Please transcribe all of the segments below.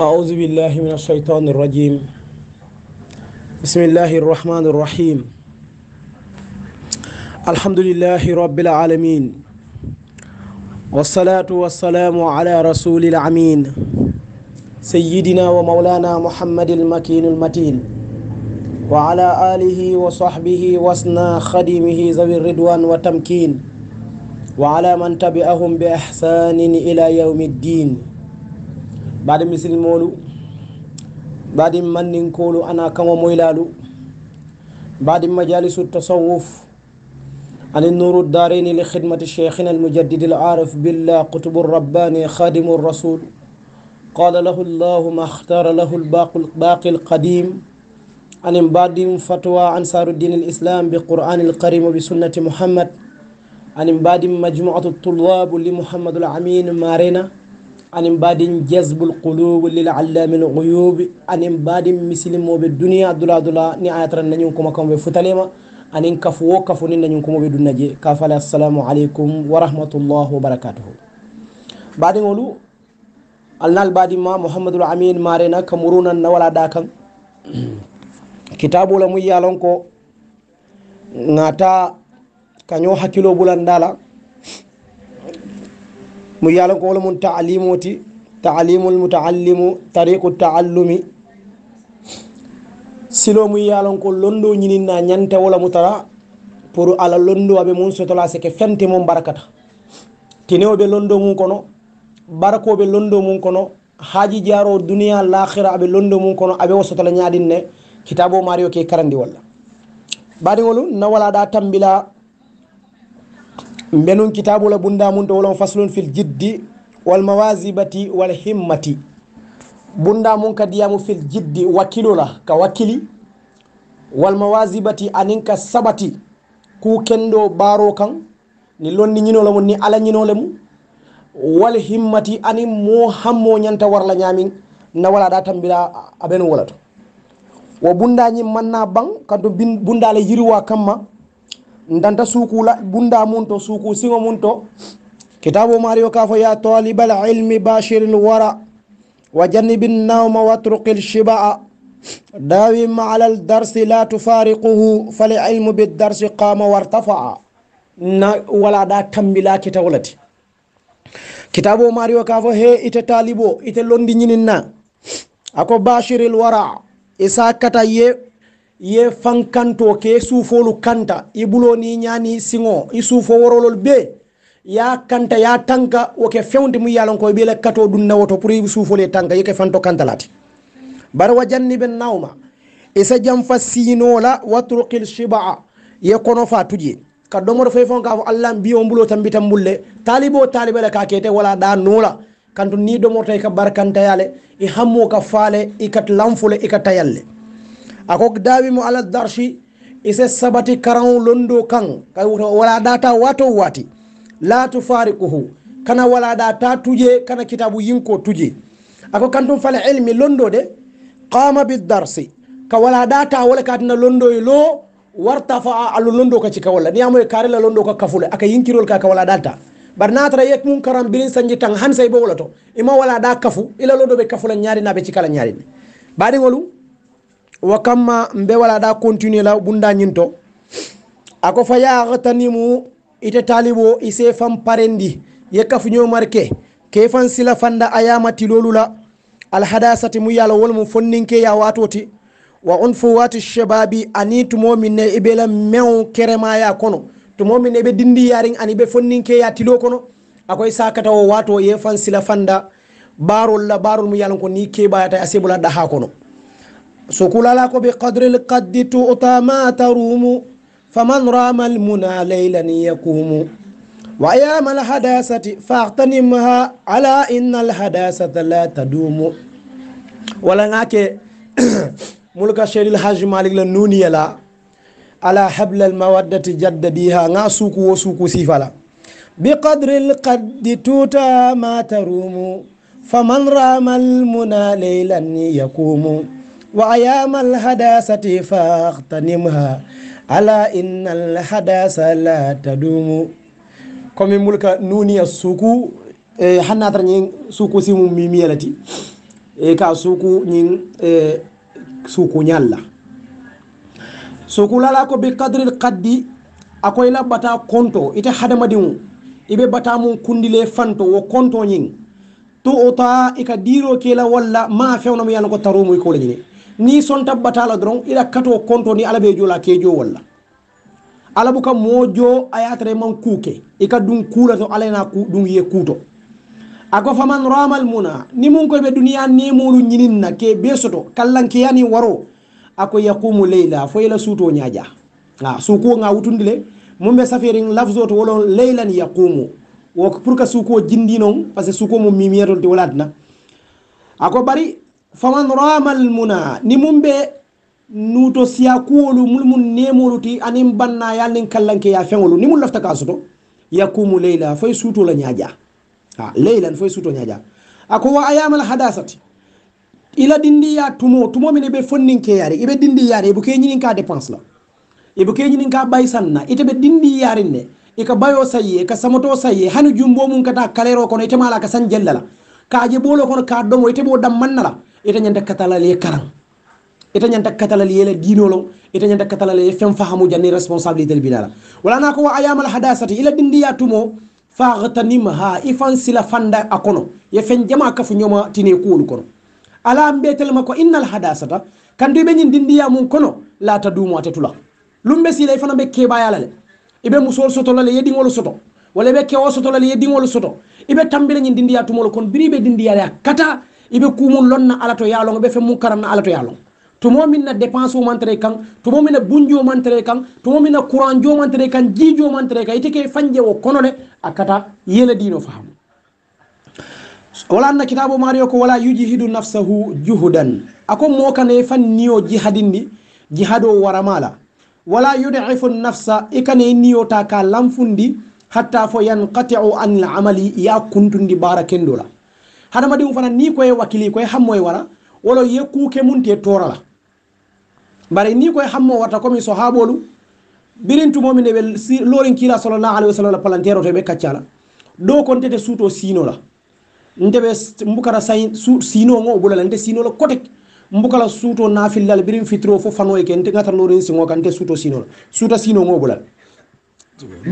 أعوذ بالله من الشيطان الرجيم بسم الله الرحمن الرحيم الحمد لله رب العالمين والصلاة والسلام على رسول العمين سيدنا ومولانا محمد المكين المتين وعلى آله وصحبه وسنا خدمه ذوي الردوان وتمكين وعلى من تبعهم بإحسان إلى يوم الدين مولو بعد baɗi manninkolu انا kaŋo moylalu بعد مجالس التصوف عن النور الدارين لخدمة شيخنا المجدد العارف بالله قطب الرباني خادم الرسول قال له الله ما اختار له الباقي القديم عن بعد فتوى أنصار الدين الإسلام بقرآن الكريم وبسنة محمد عن بعد مجموعة الطلاب لمحمد العمين مارينا ان امباد جذب القلوب للعلام الغيوب ان امباد مسلم مو بالدنيا دولا دولا نيات رنني كوما كوم فوتاليما ان كفو كفو نني في بيدنجي كاف السلام عليكم ورحمه الله وبركاته بعد نقولوا النال بعد ما محمد الامين مارينا كمرونا نولا داكن كتابو لمي يالونكو ناتا كانيو حكيلو بولان دالا mu yalankowol mum talimoti talimul mutaallimu tariqu taallumi silo mu yalanko londo ñininna ñantewola mu tara pour ala londo aɓe mum sotola sike fente mum barakata kinewoɓe londo mum kono barakoɓe londo mum kono haaji jaaro duniya lahira aɓe londo mum kono aɓe wo sotola ñaɗin ne kitabo mario ke karandi walla baɗigolu nawalaɗa tambila mbenun kitabula bundamun to wolon faslun fil jiddi wal mawasibati wal himmati bundamun ka diyamu fil jiddi wakilola ka wakili wal mawasibati anin ka sabati ku kendo baro kan ni lonni ñinolemu ni ala ñinolemu wal himmati anin mo hammo ñanta warla ñamin na wala da tambira abenu wolato wo bundañi manna ban kanto bundale yiriwa kamma ndanta suukula bunda mun to suuku siŋo mun to kitabu mario ka fo ya taliba alilmi bashir lwara wa janibi nauma watruki lshibaa داوم على الدرس لا تفارقه فالعلم بالدرس قام وارتفع ولا دا تمبلا كتاولتي كتابو ماريو كافو هي إتا تاليبو إتا لوندي نيننا أكو باشر الورع إساكتا يه ye fankanto ke suufolu kanta i bulo ni ñani siŋo i suufo worolol be ya kanta ya tanka wo ke fewnde mu yalonko be la kato dun nawoto pour i suufol ye tanka yo ke fanto kanta lati bari wa janni ben nawma isa janfa siinola watrukil chibaa ye kono fa tuje ka domoro foy fon kafo allah mbiyo mbulo tan mbitan mbulle taalibo taalibe le ka kete wala da nola kantu ni domoro tay ka barkantayale i hammo ka faale i kat lanfole i ka tayalle akok daawimo alal darchi ise sabati karan londo kan wala ɗata wato wati latu farikuhu kana wala ɗata tuje kana kitabu yinko tuje ako kantum fala ilmi londo de qama bidarsi ka wala ɗata wala katina londo e lo warta fa alu londo ka cika walla niyamo e karela londo ka kafule aka yinkirol ka ka wala ɗalta bar natara yek mum karan birin sanji tan hansay bo wala to ima wala ɗa kafu ila londo ɓe kafula ñarinaɓe cikala ñarine baɗigolu wa kamma mbe walaɗa continue la ɓunda ñinto a ko faya xetanimu ite talibo i se fan parendi ye kafuñomarke ke fan sila fanda a yamati lolu la alhadasati mu yala wolmu fonninke ya watoti wa on fo wati chebabi ani tumomine i ɓe la mew keremaya kono tumomine ɓe dindi yarin ani ɓe fonninke ya tilo kono akoy sakatawo wato ye fan sila fanda barol la barol mu yalan ko ni kebayata a sebula ɗaha kono سكولالكو بقدر القد تؤتى ما تروم فمن رام المنى ليلا يقوم وأيام الحداثة فاغتنمها على إن الحداثة لا تدوم ولا ناكي ملك شير الحاج مالك لنوني لا على حبل المودة جدديها نا سوكو وسوكو سيفالا بقدر القد توتا ما تروم فمن رام المنى ليلا يقوم wa ayama alhadasati fahtanimha ala inna alhadasa la tadumu komin mulka nuniya suku e, hannatara ñin suku simu mimiyalati e, ka suku ñin e, suku ñalla suku lala ko bi kadril qaddi akoyla bata konto ite hadamadimu ibe bata mum kundile fanto wo konto ñin to ota ika diro kela walla ma fewnamu yanako tarumu ikowla ñine ni son tabbatala dron ila kato konto ni alabe jola kejo walla alabu kam mojo ayatare man kuke ika dun kula to alena ku dun ye kuto ako faman ramal muna ni mun ko be duniya ni mulu nyinin na ke besoto kallan ke yani waro ako yaqumu layla fo ila suto nyaja na suko nga wutundile mun be safirin lafzo to wolon laylan yaqumu wok pour que suko jindinon parce que suko mum mimiyatol te walatna ako bari faman ramal muna ni mum ɓe nuto siya kuwolu mulmun nemolu ti anin banna yalnin kallanke ya feŋolu ni mum lafta ka soto yakumu leyla foy sutola ñaja a leylan foy suto ñaja a ko wa ayamal hadasati ila dindi ya tumo tumo mine ɓe fonninke yare iɓe dindi yare ibo ke ñinin ka dépense la ibo ke ñinin ka ɓay sanna ite ɓe dindi yarin ne ika bayo sayye ka samoto sayye hani jumbo mum kata kalero kono itemala ka san jellala kaje ɓolo kono ka domo ite ɓo dam mannala ita ñanta katalal ye karan ita ñanta katalal yele dinolo ita ñanta katalal ye fem fahamu janni responsabilité binala wala na wa ayamal hadasati ila dindiya tumo faghtanimha ifan sila fanda akono ye fen jama kafu ñoma tine kuwolu kono ala mbetelma ko innal hadasata kandu ɓe ñin dindiya mum kono lata dumo ate tula lumbe sila fana ɓe kebayalale iɓe musol sotolale yeɗiŋolu soto wala ɓe kewo sotolale yeɗiŋolu soto iɓe tambila ñin dindiya tumolu kono biri ɓe dindiyala kata ibe kumul lonna ala be fe karam na alatoyalong to tumo min na dépense mantere kan tumo min na bunjo mantere kan tumo min na courant jo mantere kan jijo mantere kan itike fanje wo kono le akata yele dino faham wala na kitabu mario ko wala yujhidu nafsahu juhudan ako mo e fan niyo jihadindi jihado waramala wala yud'ifu nafsa ikane niyo ta ka lamfundi hatta fo yanqati'u an al'amali amali ya kuntundi barakendola hadamadiŋo fana ni koye wakili koye hammoye wala wolo ye kuuke munte tora la bari ni koye hammo warta comme sahabolu birin tumo min be si, lorin kila sallallahu alaihi wasallam palantero to be kaccala do kon tete suto sino la ndebe mbukara sain su, sino ngo bula lande sino la kotek mbukala suto nafillal birin fitro fo fano e kente ngata lorin singo kante suto sino la suto sino ngo bula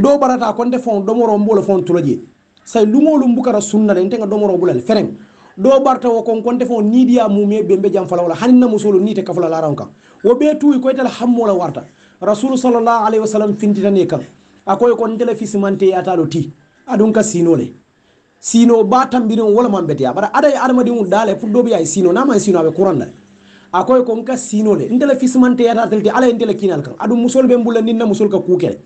do barata kon te fon domoro mbolo fon tuloje say mbukara bukara sunnala ntenga domoro bulal fereng do barta wo kon konte fo nidiya mumie bembe jam fala wala hanina musolo nite kafula laran kan wo be tuwi koytala hammola warta rasulu sallallahu alaihi wasallam fintitane kan akoye kon ntele fisimante yatalo ti aɗum ka sinole sino ba tambirin wala man betiya bara ada adamadiŋol dale fuddoɓe ay sino nama sino aɓe kuranda akoye kon ka sinole ntele fisimante yatatel ti ala ntele kinal kan aɗum musol ɓe mbulla ninna musol ka kukele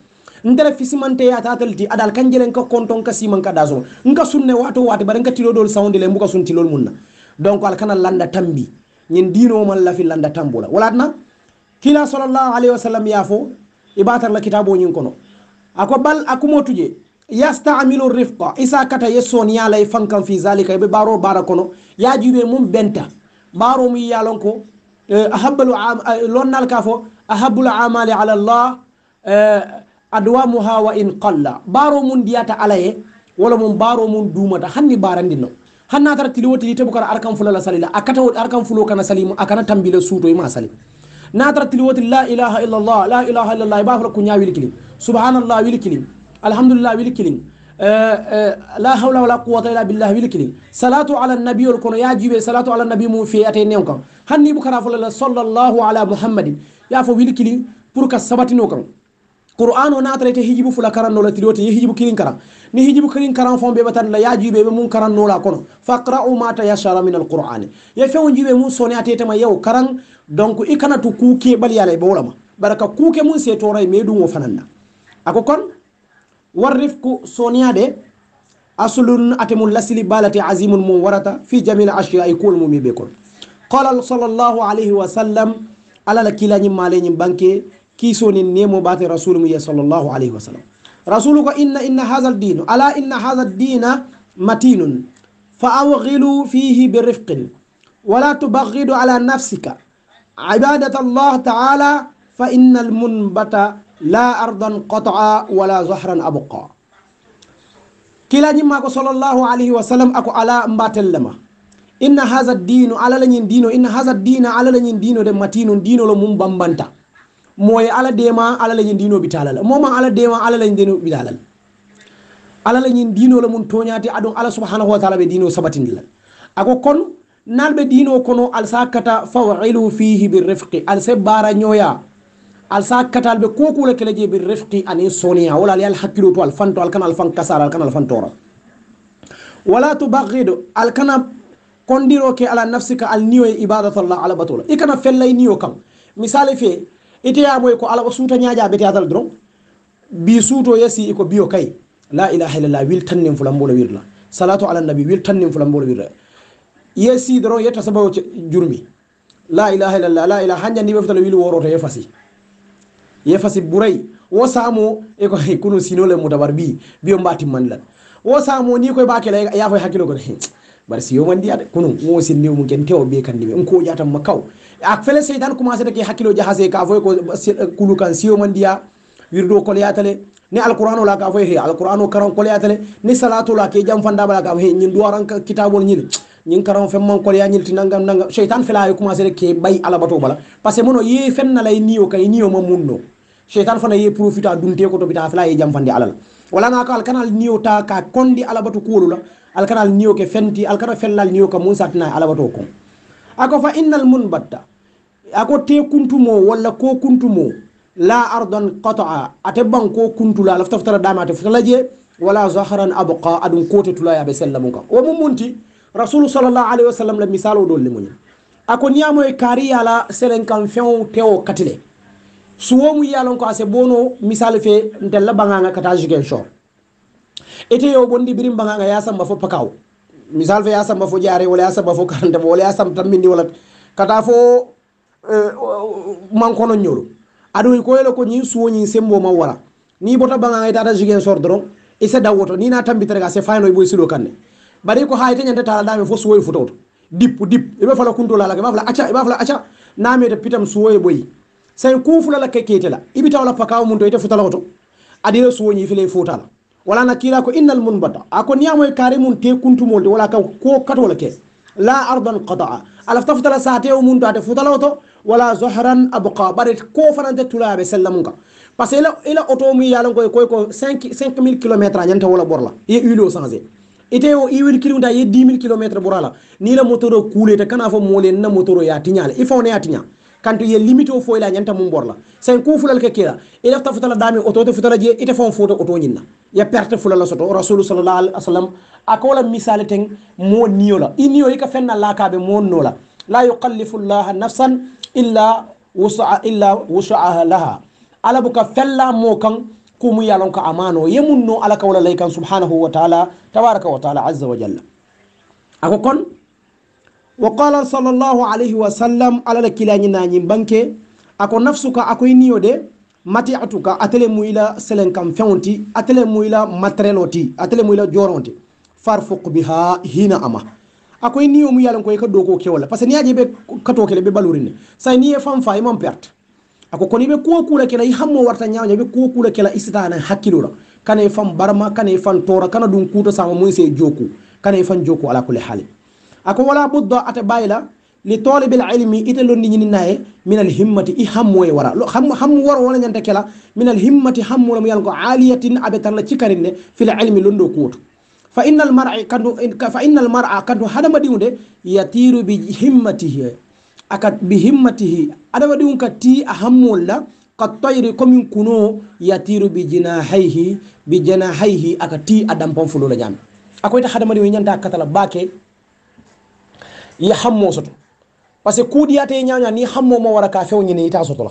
ndara fisimante ya tatal ti adal kanjelen ka konton ka siman ka daso nka sunne wato wati bare nka tilo dol sawndi le mbuka sun tilol munna donc al kana landa tambi nyin dino man la fi landa tambula walatna kila sallallahu alaihi wasallam ya fo ibatar la kitabo nyin kono ako bal akumo tuje yastamilu rifqa isa kata ye soniya lay fankan fi zalika be baro bara ya jube mum benta baro mu yalon ko ahabbalu lonnal ka fo ahabbul amali ala allah adwamuha wa in qalla baaro mum ndiyata alaye wala mum baaro mum duumata hanni barandi no hannatara tiliwotili tebu kara arkan fulala salila akata arkan fulo kana salimu akana tambile suutoye ma sali natara tiliwotili la ilaha illallah la ilaha illallah i bafala kuña wili kilin subhanallah wili kilin alhamdulillah wili kilin eh, eh, la hawla wala quwata illa billah wili kilin salatu ala nabiol kono ya jiɓe salatu ala nabi mum feyate new kan hanni bukara fulala sallllahu ala muhammadin yafo wili kilin pour qua sabatino kan qur'an o natarete hijibu fula karannola tirote ye hijibu kirin karan ni hijibu kirin karan fon ɓeɓa tan la yajuɓe ɓe mum karannola kono faqra'u ma tayassara min alqur'ane ye fewo jiɓe mum sone atetema yeo karan donc i kana to kuke ɓaliyala e ɓowlama baraka kuke mum se tora e meɗum o fananna ako kon warrifku soniyade asulun atemum lasili balate asimun mum warata fi jamil asia e kuol mumiɓe kon qala sallllahu alayhi wa sallam alala kilañim maleñim banke كيسون نيمو بات رسول مي صلى الله عليه وسلم رسولك إن إن هذا الدين ألا إن هذا الدين متين فأوغلوا فيه برفق ولا تبغض على نفسك عبادة الله تعالى فإن المنبت لا أرضا قطعا ولا زهرا أبقى كلا نما صلى الله عليه وسلم أكو على مبات اللما إن هذا الدين على لنين دينو إن هذا الدين على لنين دينو دي متين دينو لمن بمبنتا moye ala dema ala lañin dino bi talala moma ala dema ala lañin dino bi talala ala lañin dino la mun toñati adon ala subhanahu wa taala be dino sabatin dilal ako kon nal be dino kono al sakata fawilu fihi bir rifqi al se bara ñoya al sakata be koku la kele je bir rifqi ani sonia wala al yal hakilu to al fanto al kana al fan kasara al kana al fan tora wala tubaghid al kana kondiro ke ala nafsika al niyo ibadatu allah ala batula ikana fellay niyo kam misale fe itiyamoy e ko alah o suuta ñaƴaɓe teadal dron bi suuto yasi iko e biyo kay la ilaha illallah wil tannin fulambola wirla salatu ala nabi wil tannin fulambola wirla yesi dron yetta sabao jurmi la ilaha illallah la ilaha hañjandi ɓeftala wil woroto yefasi yefasi buray wo samo eko kono sinole mo dabar bi biyo mba timmanilal wo samo ni koye bakela yafoy hakkilo kon bar si yomandi aɗa kono wo sindimu ken kewo ɓe kandi ɓe on koja ma kaw a fele seytan commencé take hakkilo jahase ka foy ko kulu kan si yomandiya wirdo kolyatale ni alquran ola ka foy he alquran o karan kolyatale ni salatu la ke jam fandabala ka he ñin duwaran kitabol ñin ñin karan fem man kolya ñilti nangam nangam seytan fela yo commencé ke bay alabato bala par ce que mono ye fenna lay niyo kay niyo ma munno sheitan fana ye profita dunte ko to bita fala ye jamfandi alala wala na kal kanal niyo ta ka kondi alabatu kuwolu la kanal niyo ke fenti kanal fellal niyo ka mun satna alabato ko ako fa innal munbatta ako te kuntumo wala ko kuntumo la ardan qata'a ate banko kuntula la taftara dama te fala je wala zahran abqa adun kote tula ya besallamu ka o mun munti rasul sallallahu alaihi wasallam la misalo dol limuni ako niyamoy kari la selen kan few tewo katile suwomu yiyalonko ase bono misal fe ntella baganga kata jigel sor ete yo bondi biri baganga yasamba fo pakaw misal fe yasamba fo jare wala yasamba fo karande wala yasam tammindi wala kata fo eh, mankono nyoro adoy ko yelo ko ni suwo ni sembo ma wala ni bota baganga tata jigel sor dron e se dawoto ni na tambi tere ga se fayno boy sido kanne bari ko hayte nyanta tala dame fo suwo futoto dip dip e be fala kuntola la ga fala acha e be fala acha na me de pitam suwo boy sai ku fula la kekete la ibita wala pakaw mun to ite futala oto adira suwoni file futala wala na kila ko innal munbata ako moy kare mun te kuntu de wala ka ko katola ke la ardan qata'a ala taftala saate o mun to ate futala oto wala zuhran abqa bare ko fanante tulaɓe sella mum ka par que ila auto mi yalan koye koye ko 5 mille kilométre a ñanta wola ɓorla ye huile o changé ite o iwil kilimta ye 10000 km borala ni la motoro o te kana fo molen na motoro ya tinyal ifo ne ya tinyal kantu ye o fo ila nyanta mum borla sen ku fulal ke kira ila ta futala dami oto te futala je ite fon foto oto nyinna ya perte fulala soto rasul sallallahu alaihi wasallam akola misale teng mo niola inio ka fenna la ka be mo nola la yuqallifu allah nafsan illa wusa illa wusaha laha ala buka fella mo kan kumu yalon ka amano no ala kawla laikan subhanahu wa ta'ala tabaraka wa ta'ala azza wa jalla ako kon wa qala sallllahu alayhi wa sallam alala la kilañi nañi ako nafsuka akoye niyo de matiatuka atele muyla selen kam fewti atele muyla matériel atele muyla joronte farfuk biha hina ama akoye niyo mu yalan koye ka doko kewola par ce que ni aje ɓe katokele ɓe ɓalurine say ni ye fan fa imam perte ako kono ɓe kuwo kula kela hammo warta ñawña ɓe kuwo kula kela isitana hakkilora kana e barma kana fan tora kana ɗum kuuto sama joku fan joku ala ako wala budda ata bayi la li talibil ilmi italo ni ni naye min al himmati i hammoye wara xam xam waro wala ngante kela min al himmati hammula mo yanko aliyatin abatan la ci karine fil ilmi londo kuuto fa innal mar'a kandu fa innal mar'a kadu hadama diunde yatiru bi himmatihi akat bi himmatihi adama diun ka ti ahamul la ka tayri komin kuno yatiru bi jinahihi bi jinahayhi aka ti a la jam akoy ta hadama diwu ñanta katala bake i ye hammoo soto parce que kuudiyata ye ñawoña ni hammoo mo wara ka feŋo ñine ita soto la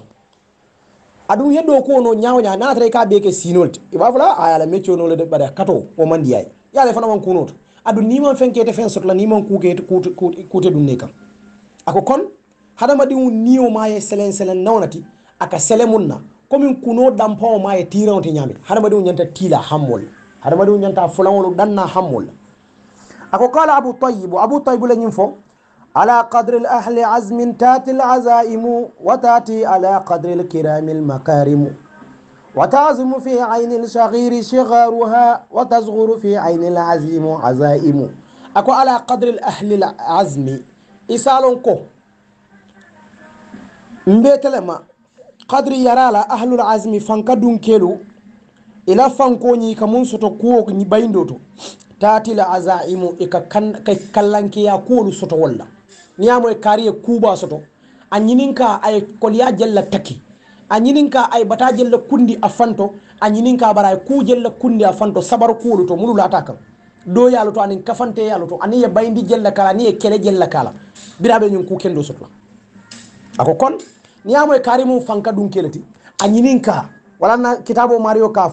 aduŋ yeddo doo kuwo no ñawoña naŋ atara i ka bee ke siinol ti e i b'a fo la a ye a la métio no le de bari kato wo man diya ye ye ale fana maŋ kuunoo to aduŋ niŋ maŋ feŋ ke ite feŋ soto la niŋ maŋ kuu ke ite kuute duŋ ne kaŋ a ko kon hadamadiŋo niyo maa ye seleŋ seleŋ naŋo na ti a ka sele muŋ na komin kunoo danpaŋo maa ye tiiraŋo ti ñaamiŋ hadamadiŋo ñanta tiila hammol la hadamadiŋo ñanta fulaŋolu daŋ danna hammol la a ko kaala abu tayibu abu tayibu le ñiŋ fo على قدر الأهل عزم تاتي العزائم وتاتي على قدر الكرام المكارم وتعزم في عين الصغير صغارها وتصغر في عين العزيم عزائم أكو على قدر الأهل العزم إسالونكو مبيتلما قدر يرالا أهل العزم فانكدون كيلو إلا فانكوني كمون ستوكوك نبايندوتو تاتي العزائم إكا كان كالانكيا كولو ستوولا niyamoye kariye kuuɓa soto a ñininka aye koliya jella taki a ñininka aye bata jella kundi a fanto a bara aye ku jella kundi a fanto sabaru kuwolu to mulu lata kan do yalo to anin kafante yalo to ani ye jella kala ani kele jella kala biraɓe ñin ku kendo sotla ako kon niyamoye kari mum fanka ɗum keleti a ñininka walanna kitabo mario ka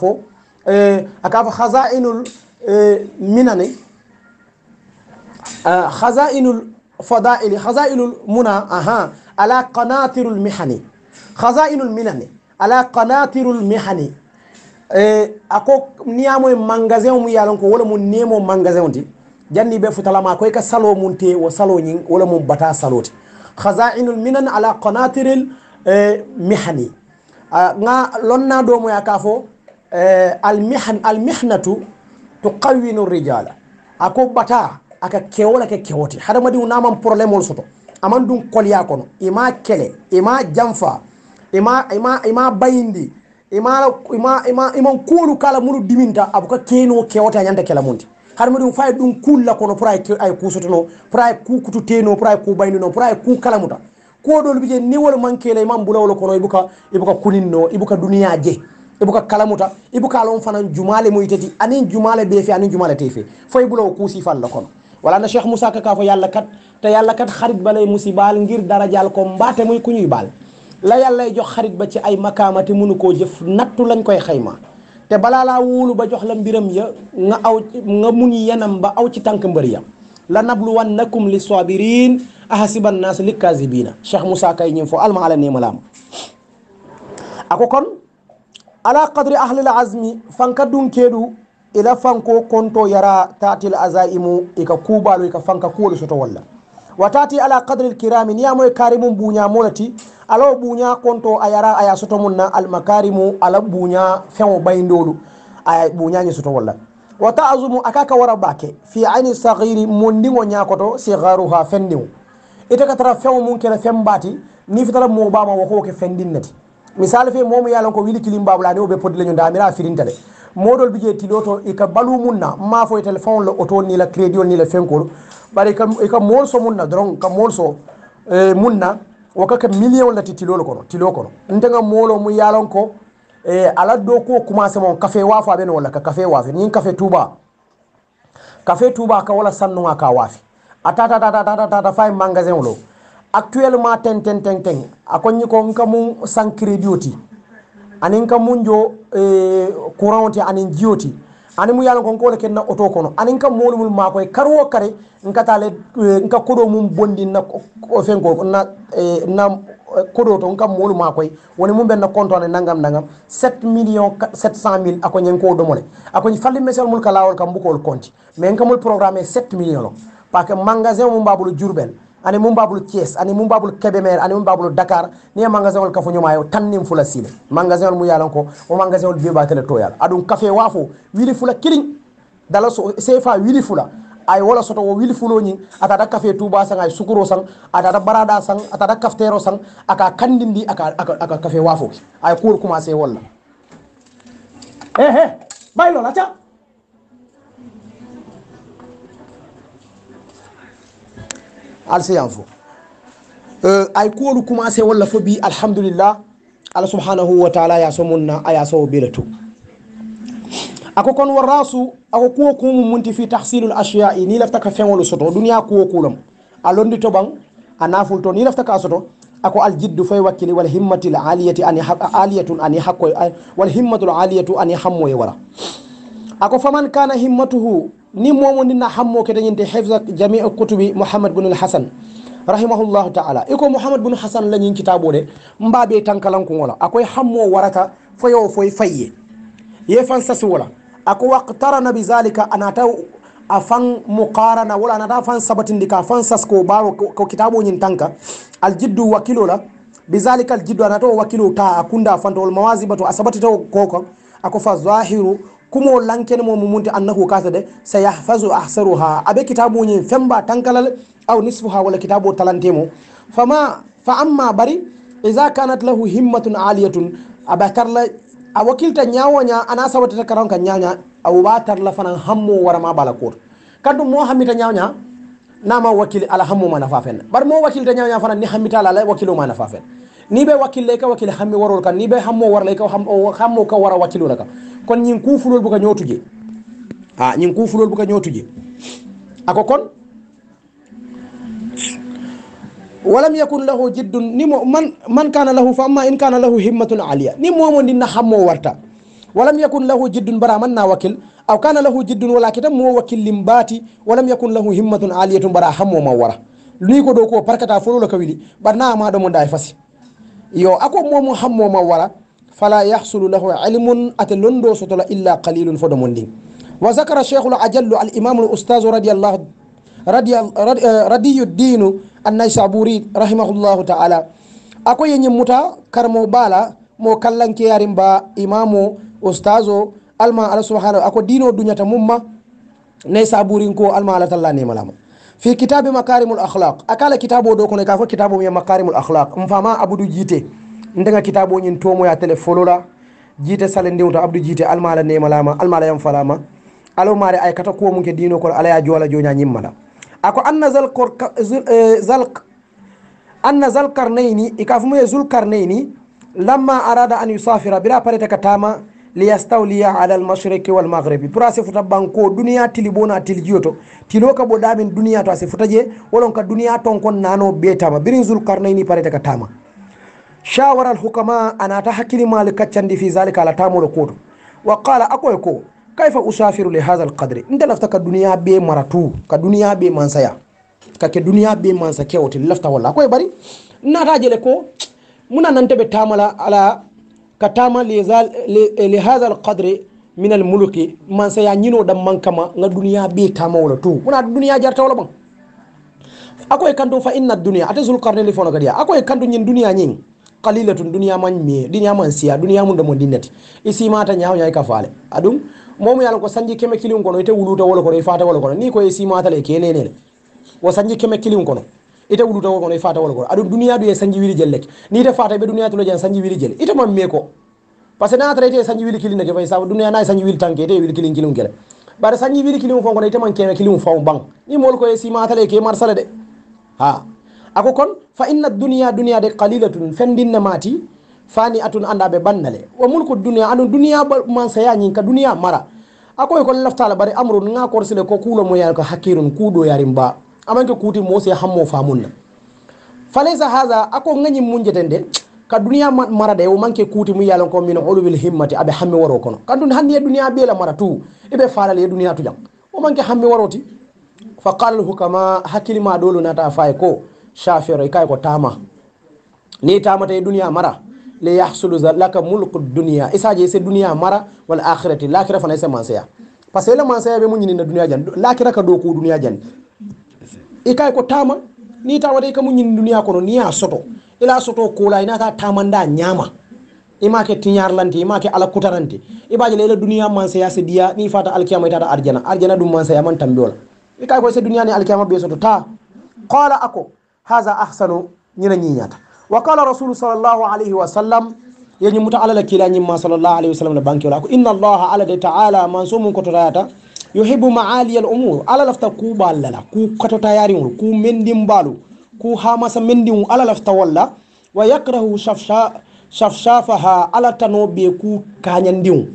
eh, aka fo eh, minani uh, ah, hasainul fadaili khazailul muna aha ala qanatirul mihani khazailul minani ala qanatirul mihani e ako niyamoye mangazeo mu yalon ko wala mu nemo magasin ndi janni be futalama koy e ka salo munte te wo nyin wala mu bata saloti khazainul minan ala qanatiril e, mihani nga lonna al ka fo e, almihnatu tuqawwinu rijala ako bata aka kewola ke kewoti hadamadiw naman probléme ol soto aman dun koliya kono ima kele ima janfa ima ima ima bayindi ima ima ima iman kuolu kala mulu diminta abuka keno kewota anyanta kela mundi hadamadiw faye dun kulla kono pour ay ay kusotono pour ay ku kututeno pour ay ku bayindino pour ay ku kalamuta kuodol bije ni wol mankele imam bulawol kono ibuka ibuka kuninno ibuka duniya je ibuka kalamuta ibuka lon fanan jumale moyitati anin jumale befe anin jumale tefe foy bulaw kusi falla kono wala na Cheikh Moussa Ka Kaafo yàlla kat te yàlla kat xarit ba lay ngir dara jaal ko mbaate muy ku ñuy baal la yàllay jox xarit ba ci ay makaama te mënu koo jëf nattu lañ koy xayma te balaa laa wóolu ba jox la mbiram ya nga aw nga muñ yenam ba aw ci tànk mbër ya la nabluwannakum li sabirin ahasiba nnaas li kazibina Cheikh Moussa Kay ñim fo alma ala nema laam ako kon ala qadri ahlil azmi fanka dun keedu ila fanko konto yara tatil azaimu ika kubalu ika fanka kuwolu soto walla watati ala kadri lkirami niyamo e karimum buñamola ti alawo buña konto a yara aya soto mum na almakarimu ala buña feŋo bayindolu aya buñañi soto walla wa taazumu akaka wara bake fi aini sahiri mondiŋo ñakoto sigaruha fendiŋo ite ka tara feŋo mum kela feŋ bati ni fitara mobama wokowo ke fendin nati misali fe momu ye lon wili kilim babula ani wo be podile ñunda amira firintale moɗol bijee tiɗo to ika e balu mum na mafo e téléphone la auto ni la crédit ol ni la fenkol bari ika e e molso mum na donc ka molso mum na wokaka million lati tilol kono tilo kono ntega molo mum yalon ko e ala do ko commencé mon café waafo aɓeno walla ka café waafi nin café touba café touba ka wala sannuga ka waafi a tatatatatatata fay magasin olo actuellement ten ten ten ten a koñi ko nka mum san crédit oti anin ka munjo eh, courant ti anin jioti ani mu yalan konkole na oto kono anin kam molumul makoye karwo kare nkatale nka eh, kodo mum bondi na fenko na eh, na kodo to nkam molu koy woni mum ɓenna compte ane nangam nangam 7 million 700 mille ako ñen ko ɗomole ako falli mesel mul ka lawol kam mbukowol compte mais nkamol programme 7 million lo parce que magasin mum mbabolo jurbel ani mum babulu thies ani mum babulu kebemer ani mum babulu dakar ni magasin ol kafu ñumayo tannim fula sile magasin ol mu yalan ko o magasin ol biba tele toyal aɗum café wafo wili fula kiliñ dala so sefa wili fula ay wala soto o wili fuloñi atata café touba sang ay san sang atata barada sang atata kaftero sang aka kandindi aka aka, aka café wafo ay kuur commencé walla ehe eh, baylola aca alsiyan fo eh, ay kuwolu commencé walla fo bi alhamdulillah ala subhanahu wa taala ya somunna aya sowo bela to ako kon wa rasu ako kuwo kumum munti fi tahsilul ashiyai ni laftaka feŋolu soto duniya kuwo kulam a londi toɓan a naful to ni laftaka soto ako aljiddu fay wakkili wal himmatil aliyati ani aliyatun ani hakko wal himmatul aliyatu ani hammoye wara ako faman kana himmatuhu ni momo ni na xammo hammo kete ñinte hefsa jami kutubi muhammad mouhamad al hasan rahimahullah taala iko mouhamad bunu hasan de mbabe tankalan ko tankalankugola akoy xammo waraka foyo foye fayye ye fan sasu wala ako waqtara nabi zalika anata afan muqarana wala anata fan sabatin dika fan sasko baro ko kitabo kitaɓoñin tanka aljiddu wakilola bi zalika aljiddu anata o wakilo ta a kunda fantowol mawazibatu a sabatitawo koko ako fa zahiru kumo lankene mo mumunte annahu kasa de sa yahfasu ahsaruha aɓe kitabuji femba tankalal aw nisfu ha walla kitabu o talantemo fama fa amma bari ida kanat lahu himmatun aliyatun aɓa tarla a wakilta ñawoña ana sawatata karanka ñawña awa tarla fana hammo warama ɓala koto kadum mo hammita ñawña nama wakil ala mana fafen bar mo wakil de nyanya fana ni hamita ala wakilu mana fafen ni be wakille ka wakil hammi warol kan ni be hammo warle ka hammo ka wara wakilu laka kon ñing ku fulol buka ñotuje ha ñing ku fulol buka ñotuje ako kon walam yakun lahu jiddun ni mo man man kana lahu fa amma in kana lahu himmatun aliya ni momo ni na hammo warta walam yakun lahu jiddun bara man na wakil aw kana lahu jiddun wala kitam mo wakil limbati walam yakun lahu himmatun aliyatun bara hammo ma wara luyi ko do ko parkata folola ka barna ma do mo da fasi yo ako momo hammo ma wara fala yahsulu lahu ilmun ate londo sotola illa qalilun fodo mondi wa zakara cheikhul ajallu al imamu l oustage radiallahu eh, radiyu dinu naysaburi rahimahullahu taala ako ye ñimmuta karmo bala mo kallanke yarimba imamu ustazo o alma ala subahanahu ako dino duñata mumma ne saburinko alma ala talla nimalama fi kitabe makarimul ahlaq akala kitabo do kono ka fo kitabo mi makarimul ahlaq um fama abudu jiite ndega kitabo ñin tomoya tele folola jiite sale ndiwta abdu jiite alma ala nimalama alma ala yam falama alo mari ay kata ko mun ke dino kono ala ya joola joña ñimmala ako anna zal eh, anna zalkarnayni ikafumuye zulkarnayni lamma arada an usafira bira pareteka tama liyastawliya ala almashriqi walmaghribi pour a sifuta banko duniya tili bona tili jiyoto tilo ka bo duniya to a je wolon ka duniya ton kon nano be tama birin zulkarnaini pareta ka tama shawara alhukama anata hakili mali kaccandi fi zalika ala tamolo koto wa qala akoy ko kaifa usafiru li hadha alqadri nte lafta ka duniya be maratu ka duniya be mansaya ka ke duniya be mansa kewoti lafta wala koy bari nata jele ko muna nante be tamala ala katama lihadha alqadri min almuluki mansa ya nyino ɗam mankama kama ga duniya be tamawla tout wona duniya jartawla ɓan akoye kanto fa inna duniya ate zulkarne li fono kadiya akoye kanto nyin duniya nyin qalilatun duniya man mi duniya man siya duniya mun ɗomo isi mata nyaaw nyaay ka faale adum momu yalla ko sanji keme kilin kono ite wuluta wala ko re faata wala ko ni ko isi mata le kenenele wo sanji keme kilin kono ite wuluta kono fata wala kono aɗum duniya ɗu e sañji wili jelleke ni ite fata ɓe duniya tulo jan sañji wili jele ite mam me ko par ce que natara ite e sañji duniya na e sañji tanke ite e kilin kilin gele bare sañji wili kilin fon kono ite man keme kilin faw ban ni mol ko e simatale ke marsala de ha ako kon fa inna duniya duniya de qalilatun fendinna mati fani atun anda ɓe bannale wa mulku duniya anum duniya man sayañin ka duniya mara akoye kon laftala bare amrun ga korsile ko kuulo moyar ko hakkirun kuuɗoyarin ba amanke kuti mose hammo famunna falaysa hadha ako ngañi munjeten de ka duniya mara de o manke kuti mu yalon ko min ulul himmati abe hammi waro kono kandun hanni e duniya bela mara tu ibe falale e duniya tu jam o manke hammi waroti fa qala al hukama hakilima dolu nata fay ko shafiro kay ko tama ni tama te duniya mara li yahsulu zalaka mulku dunya isaje se duniya mara wal akhirati lakira fa fana se manseya parce que le manseya be mu na duniya jan lakira ka do ko duniya jan i kay ko tama ni tamata i ka mu ñini duniya kono ni ya soto ila soto kula inata tamanda ñama ima ke tiñarlanti ima ke ala kutaranti ibaje lela duniya mansaya se diya ni fata alkiyama itata arjana arjana ɗum mansaya man tambiola i kay se duniya ni alkiyama ɓe soto ta qala ako haha ahsanu ñina ñiñata wa qala rasulu sallllahu alayhi wa sallam yeñi muta ala la kiila ñimma sallllahu alayhi wa sallam la bankeola ko inna allah ala taala man sumum kotorayata yuhibu maali al umur ala lafta ku ballala ku kato tayari yariŋol ku mendim balu ku hamasa mendiŋo ala lafta walla wa yakrahu shafshafaha ala tano be ku kañandiŋo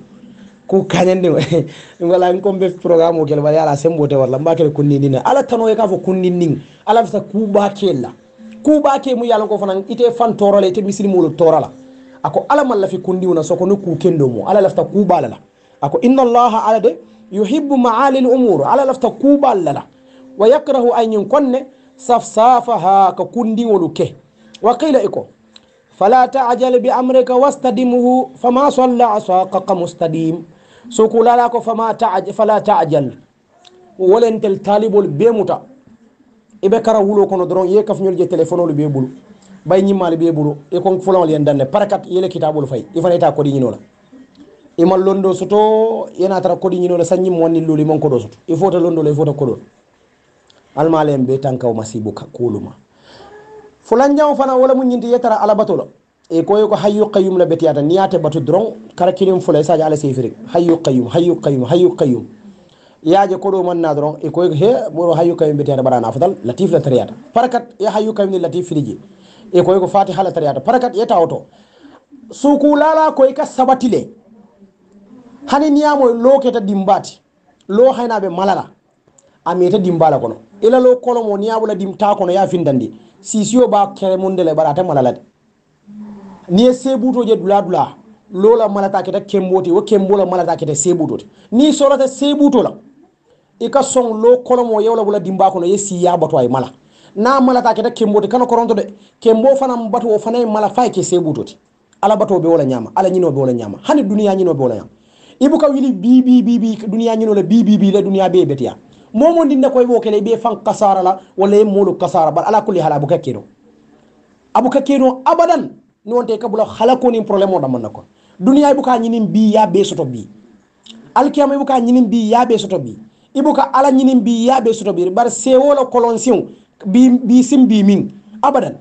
ku kañandiŋo wala n comme be programme o kele bari ala sembote warla mba kele kunnindina ala tano ye ka fo kunnindin ala lafta kuba kel la kuba ke mu yalon ko fanan ite fan torala ite misilimolu torala ako ala mallafi kundiŋo na soko ni ku kendo mu ala lafta kubalala ako inna allaha ala de yuhibbu maalil umur ala lafta kuɓalla la wa yakrahu ayin konne safsafaha ka kundiŋolu ke wa qila iko fala tajal bi amrika wastadimuhu fama solla asaqaka mustadim sukulala ko fala tajal wolentel talibol be muta ibe kara wulo kono doron ye kafuñol je téléphoneolu be bulu bay ñimmaali be bulu e kon fulaŋol yen danne parakat yele kitabolu fay ifana ita kodi ñinola ima londo soto yana tara kodi ñino la sañi mo ni luli mon kodo soto il faut ta londo le faut ta kodo almalen be tankaw masibu kuluma fulan jaw fana wala mun ñinti yetara alabato e la e koyo ko hayyu qayyum la betiyata niyate batu dron kara kilim fulay saji ala sefiri hayyu qayyum hayyu qayyum hayyu qayyum yaaje koɗo man na dron e koyo he moro hayyu qayyum betiyata barana afdal latif la tariyata parakat ya hayyu qayyum ni latif filiji e koyo ko fatiha la tariyata parakat yeta auto suku lala koy ka sabatile hani niyamoye lo keta dimbati lo haynaɓe malana amiyete dimbala kono ila lo konomo niyaɓula dimta kono ya findandi sisiyo ba kere mundele ɓaɗate malalade niye sebutoje dula dula lola malata keta kemboti wo kembola malata keta sebutoti ni sorata sebutola i ka sɔn lo kɔlɔmɔ yewla bula dimba kono ye siya bato ay mala n'a mala ta kemboti kembo ti kana kɔrɔntɔ dɛ kembo fana bato wo fana mala fa ye ke se ala bato be wala nyama ala nyino be wala nyama hani duniya nyino be wala nyama ibu ka wili bi bi bi bi duniya ñino la bi bi bi la duniya be betiya momondinda koye wo kele ɓe fan kasara la walla ye moolu kasara bara ala kulli hala abu kakkeɗo abu kakkeɗo abadan ni wonte kabula hala konin probléme o ɗammanna kon duniya ibuka ñinin bi ya be soto bi alkiyama ibuka ñinin bi ya be soto bi ibuka ala ñinin bi ya be soto bi bar sewola kolon siw bi bi sim bi min abadan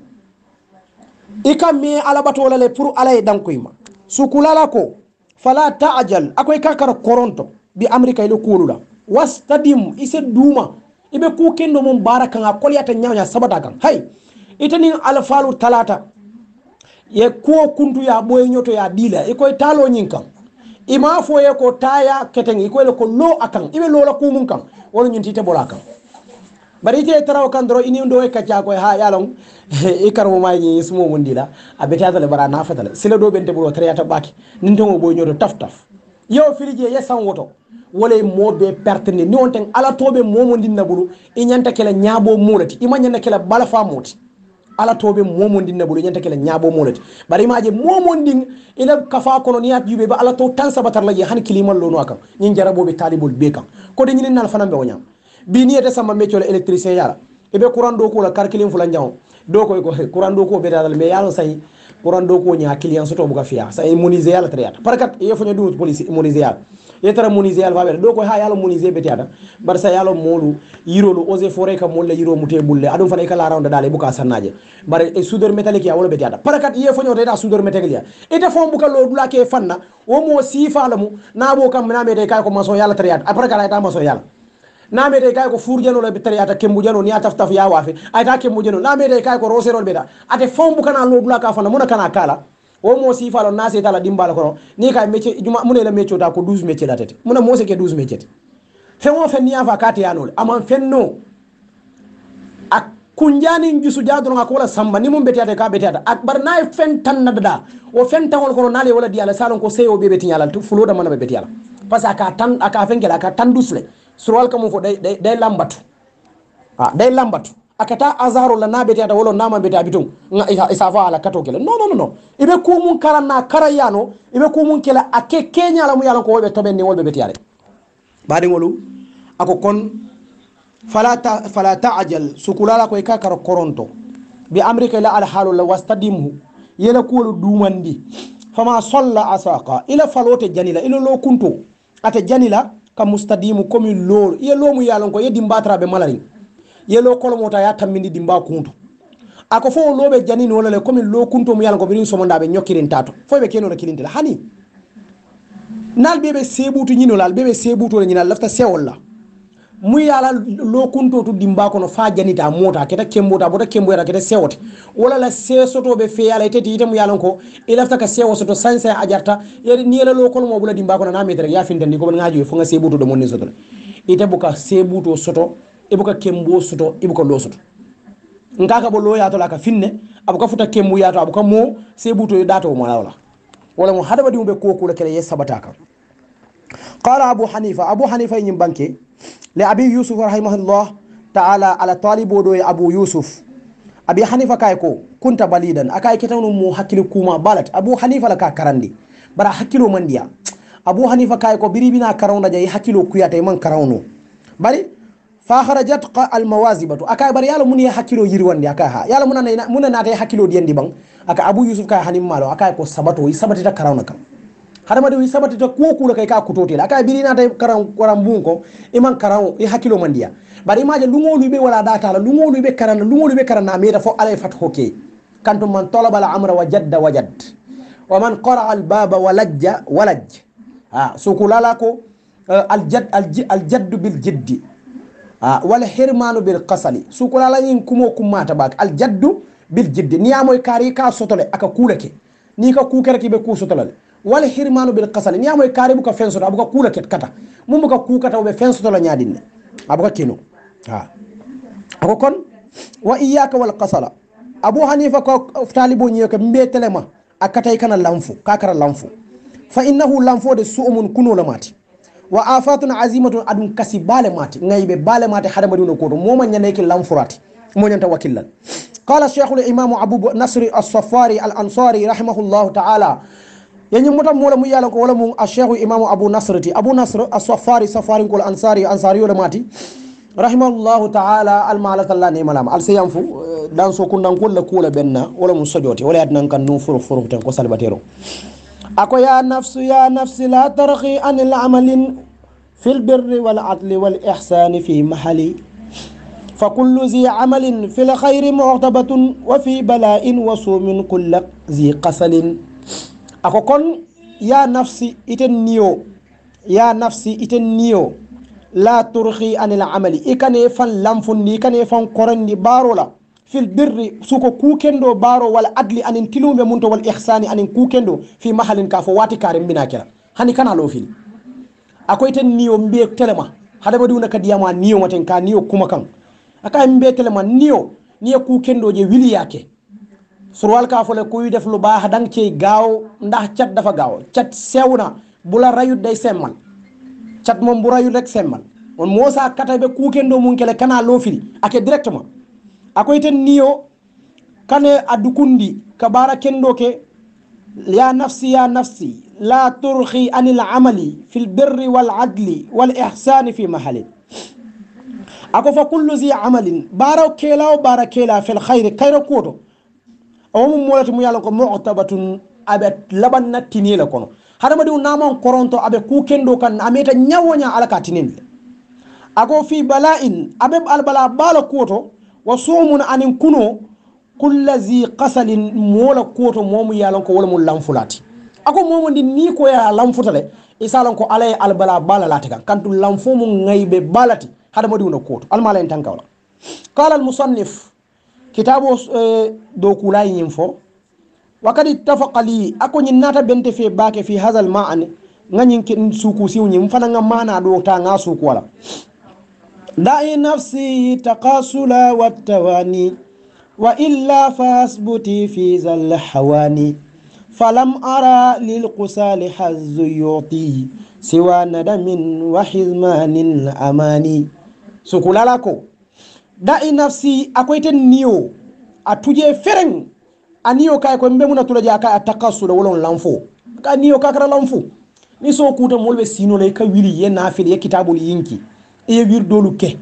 ika me ala batolale pour ala ye dankoyma sukulala ko fala taajal akoye kakara koronto bi amérika ilo kolula wastadim ise duuma iɓe kukendo mum baara kan a koliyata ñawña sabata kan hay itanin alfalu talata ye kuwo kuntuya ɓoye ñotoya ɗiila ikoye taloñin kan ima fo ye ko taya keten ikoyle ko lo a kan iɓe lola kumum kan wono ñintite ɓola kan bari ite taraw kan doro ini ndo e ca ko ha yalon e kar mo mayi sumo mun dila abe ta bara na fatale sila do bente buro tare ta baki nin to bo nyoto taf taf yo firije ya woto wala mo be pertene ni on tan ala tobe momo dinna bulu i nyanta kala nyabo mulati i nyanta kala bala famuti ala tobe momo dinna bulu nyanta kala nyabo mulati bari maje momo din ila kafa kono ni at yube ba ala to tan sabatar laje han kilimal lono akam nyin jarabo be talibul be kan ko de nyin nal fanan be wonyam bi ni yete sama mecho la électricien yara ebe courant do la calculin fulan jaw do doko ko courant do ko be dal me yalo say courant do ko nya client soto buka fiya say moniser yala triata parakat e fanya do police moniser yala e tara moniser yala fabe doko ko ha yalo moniser be tiata bar sa yalo molu yirolu ose fore ka molle yiro mute bulle adum fana kala rawnda dale buka sannaje bar e soudeur métallique ya wala be tiata parakat e fanya do da soudeur métallique ya ite fon buka lo dula ke fanna o mo sifa lamu na bo kam na me de kay ko maso yala triata après kala ta maso yala na mede kay ko furjano le bitare ata kembu jano ni ata taf ya wafe ata kembujano na mede kay ko rosero beda ate fombu kana lo bla ka fana muna kana kala o mo si falo na se tala dimbal ko ni kay mecce juma mune la mecce ta ko 12 mecce la tete muna mo se ke 12 mecce fe mo fe ni afa kati no aman fenno ak kunjani njusu jadro nga kola samba ni mum betiyata ka beti ak bar nay fen tan nadda o fen tawol kono nale wala diyala salon ko seyo be betinyala tu fulo da mana be betiyala parce aka tan aka fengela aka tan dusle surwal kamu fo day day lambatu ha ah, day lambatu akata azaro la naɓete ata wolo nama mbete abi ton isa fa ala kato kele non non non iɓe kumum kala na kara yano iɓe kumum kela ake keñala mu yalan ko woɓe toɓen ni wolɓe betiyare baɗigolu ako kon fala ta fala taajal sukulala koye ka kara koronto bi amrika ila alhaalola wastadimhu yela kuwolu ɗumandi fama solla asaka ila falote janila ila lo kunto ata janila ka mustadimu komi lool ye lomu yalon ko mbatra be malari ye lo mota ya tammindi dimba kuntu ako fo loɓe janini wolale komi lo mu yalon ko birin somondaɓe nyokirin tato be kenola kilintila hani nal sebutu nyino lal bebe sebutu nyina lafta la mu muy ala lookuntoo kuntotu dimba kono fa janita mota aketa kembota bota kemboyata aketa sewote wala la sesotoɓe fe ala teti itemu yalon ko ilafta ka sewo soto sansa a jarta yeri niyela lo kono mo ɓula dimba kono na metere ya fintandi koɓen ngaji fo ga sebutoɗo mon ni sotola ite buka sebuto soto ibuka e kembo soto ibuka e lo soto nkaka bo lo yatola ka finne abuka futa kembu yato abuka mo sebuto dato mo lawla wala mo hada badi mo be kele ye sabata kan qala abu hanifa abu hanifa yin banke لأبي يوسف رحمه الله تعالى على طالب أبو يوسف أبي حنيفة كايكو كنت بليدا أكاي كتانو مو حكيلو كوما بالت أبو حنيفة لكا كرندي برا حكيلو من ديا أبو حنيفة كايكو بريبنا كرونا جاي حكيلو كوياتي من كرونو بري فخرجت المواظبة أكاي بري يالو مني حكيلو يروان دي أكاها يالو منا ناتي حكيلو ديان دي بان أكا أبو يوسف كاي حنيم مالو أكاي كو سبتو يسبتي تا كرونا كم hada madi wi sabati to ko kula kay ka kutotela aka birina tay karam karam bunko iman karam e hakilo mandia bari imaje lungolu be wala data la lungolu be karana lungolu be karana me da fo alay fat hoke kantum man talaba al amra wajadda wajad wa man qara al baba walajja walaj ha sukulala ko eh, al jad al jad bil jiddi wal hirmanu bil qasali sukulala yin kumo kumata bak al jaddu bil jiddi niyamoy kari ka sotole aka kulake ni ka kukere ki be ku sotole wal hirmanu bil qasal ni amoy kare buka fen soto abuka kula ket kata mum buka ku kata be fen soto la nyadinne abuka kino ha ako kon wa iyyaka wal qasala abu hanifa ko talibo nyi ko mbetelema akatay kana lamfu kakara lamfu fa innahu lamfo de su'umun kuno la mati wa afatun azimatun adun kasi bale mati ngaybe bale mati hada madina ko to moma nyane ki lamfurati mo nyanta wakillan قال الشيخ الإمام أبو نصر الصفاري الأنصاري رحمه الله تعالى يعني متى مولا مي يالا ولا مون الشيخ امام ابو نصر تي ابو نصر الصفاري صفاري كول انصاري انصاري ولا ماتي رحمه الله تعالى المالة الله نعم لام السيام فو دانسو كنا نقول كول بيننا ولا مون سجوتي ولا يدنا كان نو فرق فرق تنكو سالباتيرو اكو يا نفس يا نفس لا ترخي ان العمل في البر والعدل والاحسان في محلي فكل ذي عمل في الخير معتبة وفي بلاء وصوم كل ذي قسل ako kon ya nafsi iten niyo ya nafsi iten niyo la turhi anil amali ikane fan lanfunni ni kane fan koronni baro la fil birri suko kukendo baro wal adli anin tilume munto wal ihsani anin kukendo fi mahalin kafo fo wati kare mbina kela hani kana lo fil ako iten niyo mbiye telema hadama diwna kadi yama niyo maten ka niyo kumakan aka mbiye telema niyo niyo je wili yake surwal kaa fole kuy def lu baax dang ciy gaaw ndax cat dafa gaaw cat sewna na bu la rayut day semmal cat moom bu rayut rek semmal on moosa kataɓe kuukendo mum kele kana loofiri ake directement akoyten niyo kane addu kundi ka bara kendo ke ya nafsi ya nafsi la turhi anil amali fil birri wal adli wal ihsani fi mahalin ako fa kullu zi amalin baraw kelawo bara kela fel hayre kayro omomum moolata mu yalan ko mutabatun aɓet laɓan na tinila kono hadama ɗi namon koronto aɓe kukendo kan ameta ñawoña ala ka tininle ako fi bala'in aɓe albala ɓaalo kuwoto wa somun anin kuno kulla zi kasalin moola kuwoto momu yalan ko wala mum lanfulati ako momu ndi ni ko yaa lanfuta le isalan ko alaye albala bala lati kan kantu lanfomu gaybe balati hadama ɗi wuno kuwoto almala en tan kawla qala almusannif al kitabo dow kulayiñin fo wakad ittafaqa li ako ñin naata bente fe baake fi hatha l mane gañin suuku siwñin fana ga mana ɗo ta ga suuku wala da'i nafsi taqasula wattawani wa illa fasbuti fi zalhawani فلم أرى للقسال حز يعطي سوى ندم وحزمان أماني سكولا لكو da i nafsi akoyten niyo atuje fereng aniyo a ko kaye koye mbe muna tulaje a kaye a wolon lanfo ka niyo ka kara lanfo ni so kuta molbe sino le ka wili ye nafil ye kitabul yinki e wir dolu ke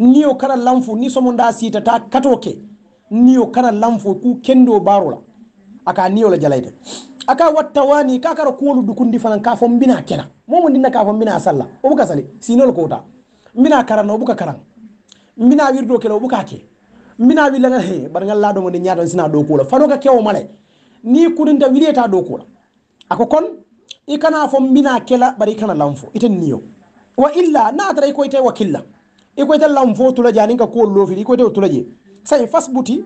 niyo kara lanfo ni so somonda sita ta kato ke niyo kara lanfo ku kendo barula aka niyo la jalayte aka wattawani ka kara kuwolu dukundi fanan ka fo mbina kena momo ndinna ka fo mbina salla o buka sale sino siinol kota mbina karan o buka karan mbina wirdo kela bukake mbina wi laga he bar ngal lado ni nyaado sina do kula do ka kewo male ni kudinta wireta do kula ako kon i kana fo mbina kela bari kana lamfo iten niyo wa illa na tra ko ite wakilla i ko ite lamfo tula jani ka ko lo fi ko ite tula je sai fasbuti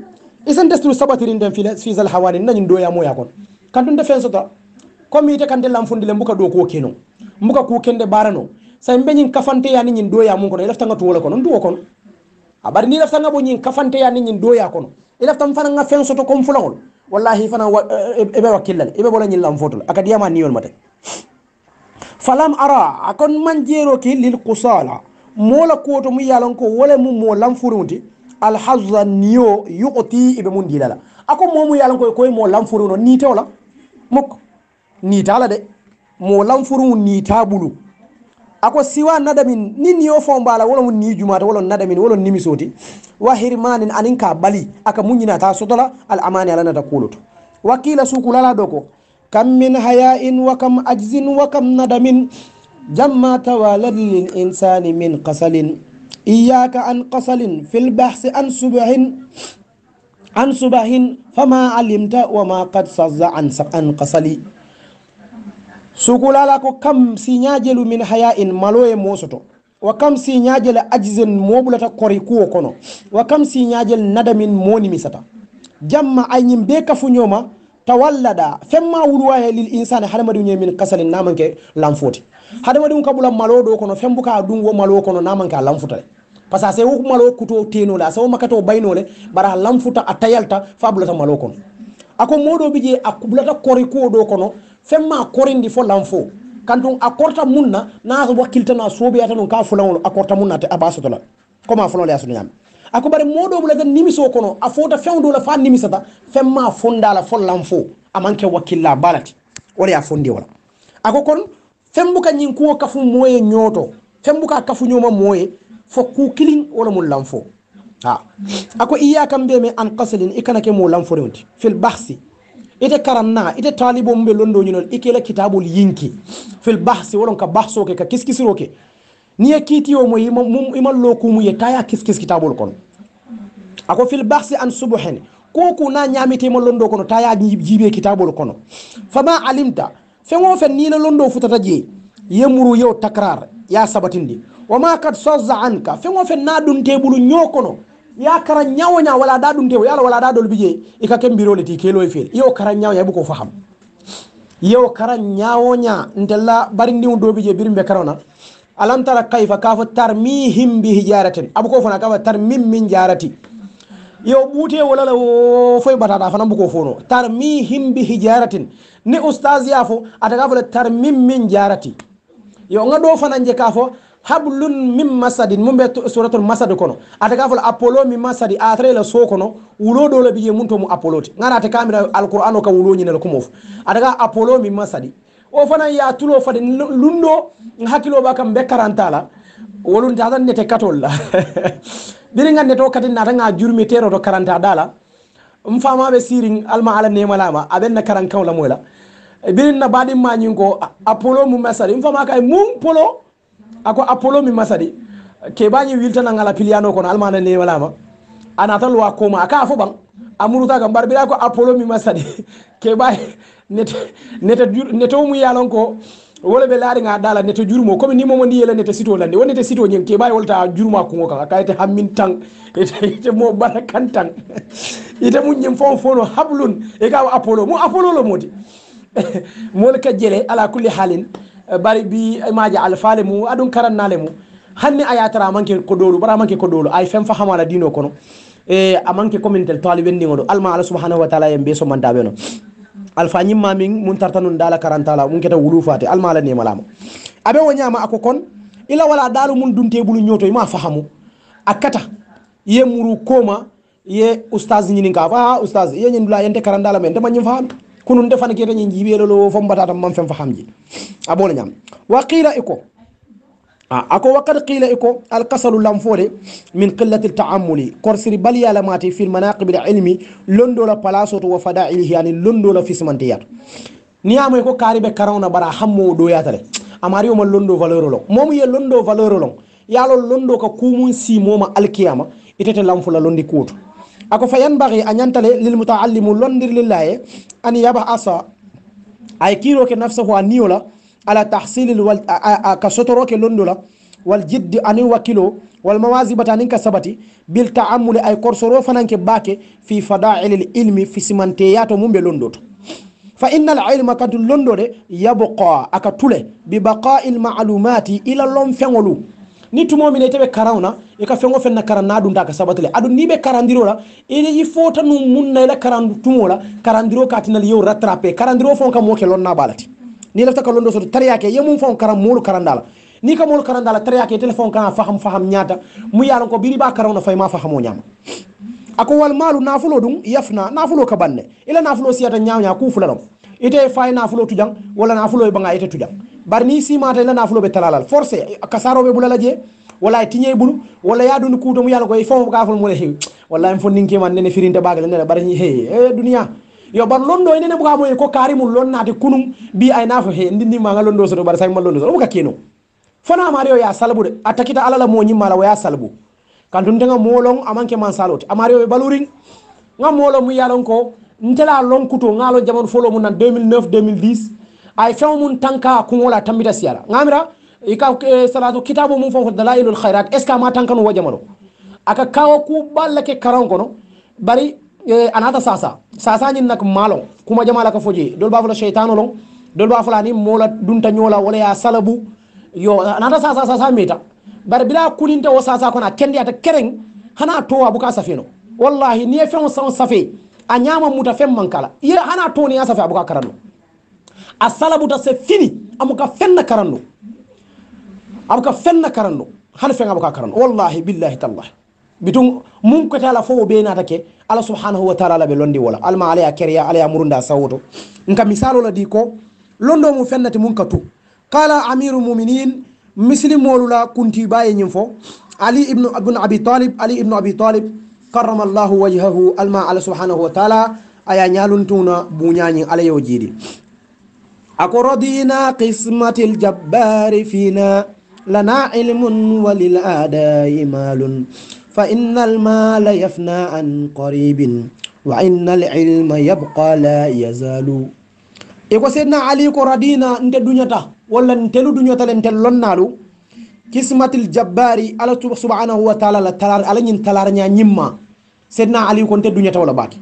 isen testu sabatirin dem fi fi zal hawani nani do ya mo ya kon kan dun defen sota comme ite lamfo ndile mbuka do ko keno mbuka ku kende barano sai mbeñin kafante yani nyin do ya mun kono e laftanga tuwola kono nduwo kono abari ni lafta nga bo ñin kafante ya nyin doya kono i lafta fana nga fen soto comme fulawol wallahi fana ibe e, e, e, wakkillale ibe bola ñin lam fotula aka diyama niyol mate falam ara akon man jero ki lil qusala mola koto mu yalan ko wala mu mo lam furunti hazza niyo yuqti ibe mun dilala ako momu yalan ko koy mo lam furuno ni tawla mok ni tala de mo lam furun ni tabulu ako siwa nadamin nin yo fombala wala mun ni jumata wala nadamin wala nimisoti wa hirmanin anin ka bali aka munyina ta sotola al amani ala nata kuluto wakila sukulala doko kam min haya'in wa kam ajzin wa kam nadamin jamma tawalad lil insani min qasalin iyyaka an qasalin fil bahsi an subhin an subahin fama alimta wa ma qad sazza an qasali sukulala ko kam siñajelu min hayain in maloye mosoto wa kam siñajel ajisen mobulata kori kuwo kono wa kam siñajel nadamin monimisata jamma ayñim be kafuñoma tawallada femma wulwaye lil insani hadamadu ñe min kasalin namanke lanfoti hadamadu kaɓula malo ɗo kono fembuka ɗum wo malo kono namanke a lanfutale par que c'est sewo malo kuto teno la a makato bayno le bara a lanfuta a tayalta malo kono ako modo bije je kori kuwo do kono femma korindi fo lan fo kantum accorta mun na naata wakkiltana yata ɗum ka fulaŋol accorta mun nate aba sotola comme a fulole yasoto ñaami ako bari moɗo ɓulata nimiso kono a fota la fa nimisa nimisata femma fondala fo lan fo amanke wakkilla balati wala ya fondi wala ako kon fembuka ñin kuwo kafu moye ñooto ka kafu ñoma moye fo ku kilin wala mun lan fo a ako iyakam mbiyeme an kasalin ikanake mo lan forewnti fil bahsi ite karanna ite talibo mbe londo ñinol ikela kitabul yinki fil bahsi wolon ka bahso ke ka kiskisiro ke ni kiti kiitiyo mo ima lookumu ye taya kiskis kitabol kono ako fil bahsi an subuhene koku na ñamitema londo kono taya jiibe kitabol kono fama alimta fengo fen nila londo futata jee yemuru yow takrar ya sabatindi wama kad sozza anka feŋo fen na ɗum tebulu nyokono ya kara ñawoña wala da ɗum tewo yala wala da ɗol bijee ika ke mbirole ti keelo e feere yewo kara ñawoña heɓu ko faham yewo kara ñawoña ntella bari ndiwo do bijee birimɓe karona alamtara kayfa kafo tarmi himbi hijaraten abu ko fona kafa tar min min jarati yo ɓuute wolala o foye ɓatata fana mbuko fono tar mi himbi hijaraten ne oustage ya fo ataka fole tar min min jarati yo ga ɗo fananje ka fo hablun min masadin mun be suratul masad kono ataka ka fol apollo min masadi a la so kono wulo do la biye mun to mu apollo ti ngana ata kamira alqur'ano ka wulo nyina ko mof ata apollo min masadi o fana ya tulo fade lundo hakilo ba kam be karantala wolun ta dan nete katol la biri ngande to katin na nga jurmi tero to karanta dala mfama be sirin alma ala ne malama aben na karan kaw la mola na badin manyin apollo mu masadi mfama kay mun polo ako apollo mi masa de keɓañi wiltanangala pilyano kono almana ne walama anata lowa koma aka fo ɓan a murutaga mbarɓira ko apollo mi masa de keɓa neto mu yalon ko wole ɓe laariga ɗala neto jurmo comme ni momo ndi yele nete sito lande wo nete sito ñeng keɓa wolta jurmo a kugo kan akayte hammin tan ete mo bana kan tan ite mu ñeng fon fono hablun e kawa apollo mo apollo lo modi mole ka jele ala kulli halin Eh, bari bi eh, maji alfale mu adun karan nale mu hanni ayatara manke ko dolu bara manke ko dolu ay fem fa hamala dino kono e eh, amanke commentel taliben ningodo alma ala subhanahu wa ta'ala yembe so manta beno alfa nyimma min mun tartanun dala karantala mun keta wulu fati alma ala nemalama abe wonyama ako kon ila wala dalu mun dunte bulu nyoto ma fahamu akata ye muru koma ye ustaz nyini ka fa ustaz ye nyin dula yente karandala men dama nyim fahamu kununte fana keta ñin jiɓelolo fo mbatatam man fen fa hamji a ɓola ñam wa qila iko ah, ako waqad qila iko alkasalu lanfode min qillati ltaamuli korsiri baliyalamati fi lmanaqibi lilmi londola place to wa fadailihi ani londola fismanteyata niyamoy ko kaariɓe karawna bara hammowo ɗoyatale amari oma londo valeur lon momu ye londo valeur lon yalol londo ka kumun simoma alkiyama itete lanfula londi kuwoto ako fa yanbaghi a ñantale lil mutaallimu lillahi an yaba asa ay kiro ke nafsahu a niola ala tahsilil wal ka sotoro ke londola wal jidd anin wakilo wal mawasibata anin ka sabati bil taamul ay korsoro fananke baake fi al ilmi fi simante yato ɓe londoto fa inna al ilma kad londode yabqa aka tule bi baqa'il ma'lumati ila lom fengolu ni tumomine tebe karawna i ka fɛn o fɛn na karan n'a dun ta ka sabati le aduŋ niŋ i be karandiro la i fota nuŋ muŋ na i la karan tumo la karandiro ka tinali yeo rattrape karandiro faŋo ka moo ke lonna baa la ti niŋ i ka londo soto tariya ke ye muŋ faŋo karan karanda la ni ka moolu karanda la tariya ke itele faŋo faham faham ñaata mu ye ko biri baa karaŋo na fa i maa fahamoo ñaama a ko walmaalu naafuloo duŋ yafna naafuloo ka baŋ ila i la naafuloo ku ñaawo ñaa kuu ite ye faa ye naafuloo tujaŋ walla naafuloo ye baŋa ite tujaŋ barni simatala nafulo ɓe talalal forcé kasaroɓe bulala je wala tiñe ɓulu wala yaɗuni kuutomu yala koye fof ka fol mole heewi wallahi mi fonninkima nene firinte ɓagale nene ɓarani hey e duniya yo bar londo e nene buka moye ko kaari mum lonnade kunum mbi aynafo he ndinnimaga londo soto bar sawima londo soto omo ka keno fonamari ya salbude a takita alala mo ñimmala woya salbu kan tum tega molon amanke man salote amari o ɓe ɓalurin molo mum yalon ko ntela lon kuto galon jamanu folo mum nan 2009 2010 ay feŋo mun tanka a kuŋo la tambita siyala ŋamira i ka salatu kitabu mun fo dalailul khairat est ce que ama tankano wo jamano aka kawo ku balla ke karan kono bari anata sasa sasa ñin nak malon kuma jamala ka foje dol ba fula shaytanu lon dol ba fula ni mola dunta ñola wala ya salabu yo anata sasa sasa meta bari bila kulinta wo sasa kono a kendi ata kereng hana to abuka safino wallahi ni feŋo safe a ñama muta feŋ mankala ira hana to ni a safe abuka karanno a salabuta se fini amuka fenna karando amuka fenna karando hani fen amuka karando wallahi billahi tallahi bitun mun ko tala fo be nata ke ala subhanahu wa ta'ala be londi wala alma ala ya keriya ala ya murunda sawoto nka misalo la di ko londo mu fennati mun katu qala amiru mu'minin muslimolu molula kunti baye nyim fo ali ibn ibn abi talib ali ibn abi talib karrama allah wajhahu alma ala subhanahu wa ta'ala aya nyalun tuna bunyani ala yo jidi أقر دينا قسمة الجبار فينا لنا علم وللأداء مال فإن المال يفنى عن قريب وإن العلم يبقى لا يزال iko seydna ali ko radina nte duñata walla ntelu duñota le ntel lonnalu kismatil jabbari ala subhanahu wa taala la talar ala ñin talar ña ñimma seydna ali ko nte duñata wala baati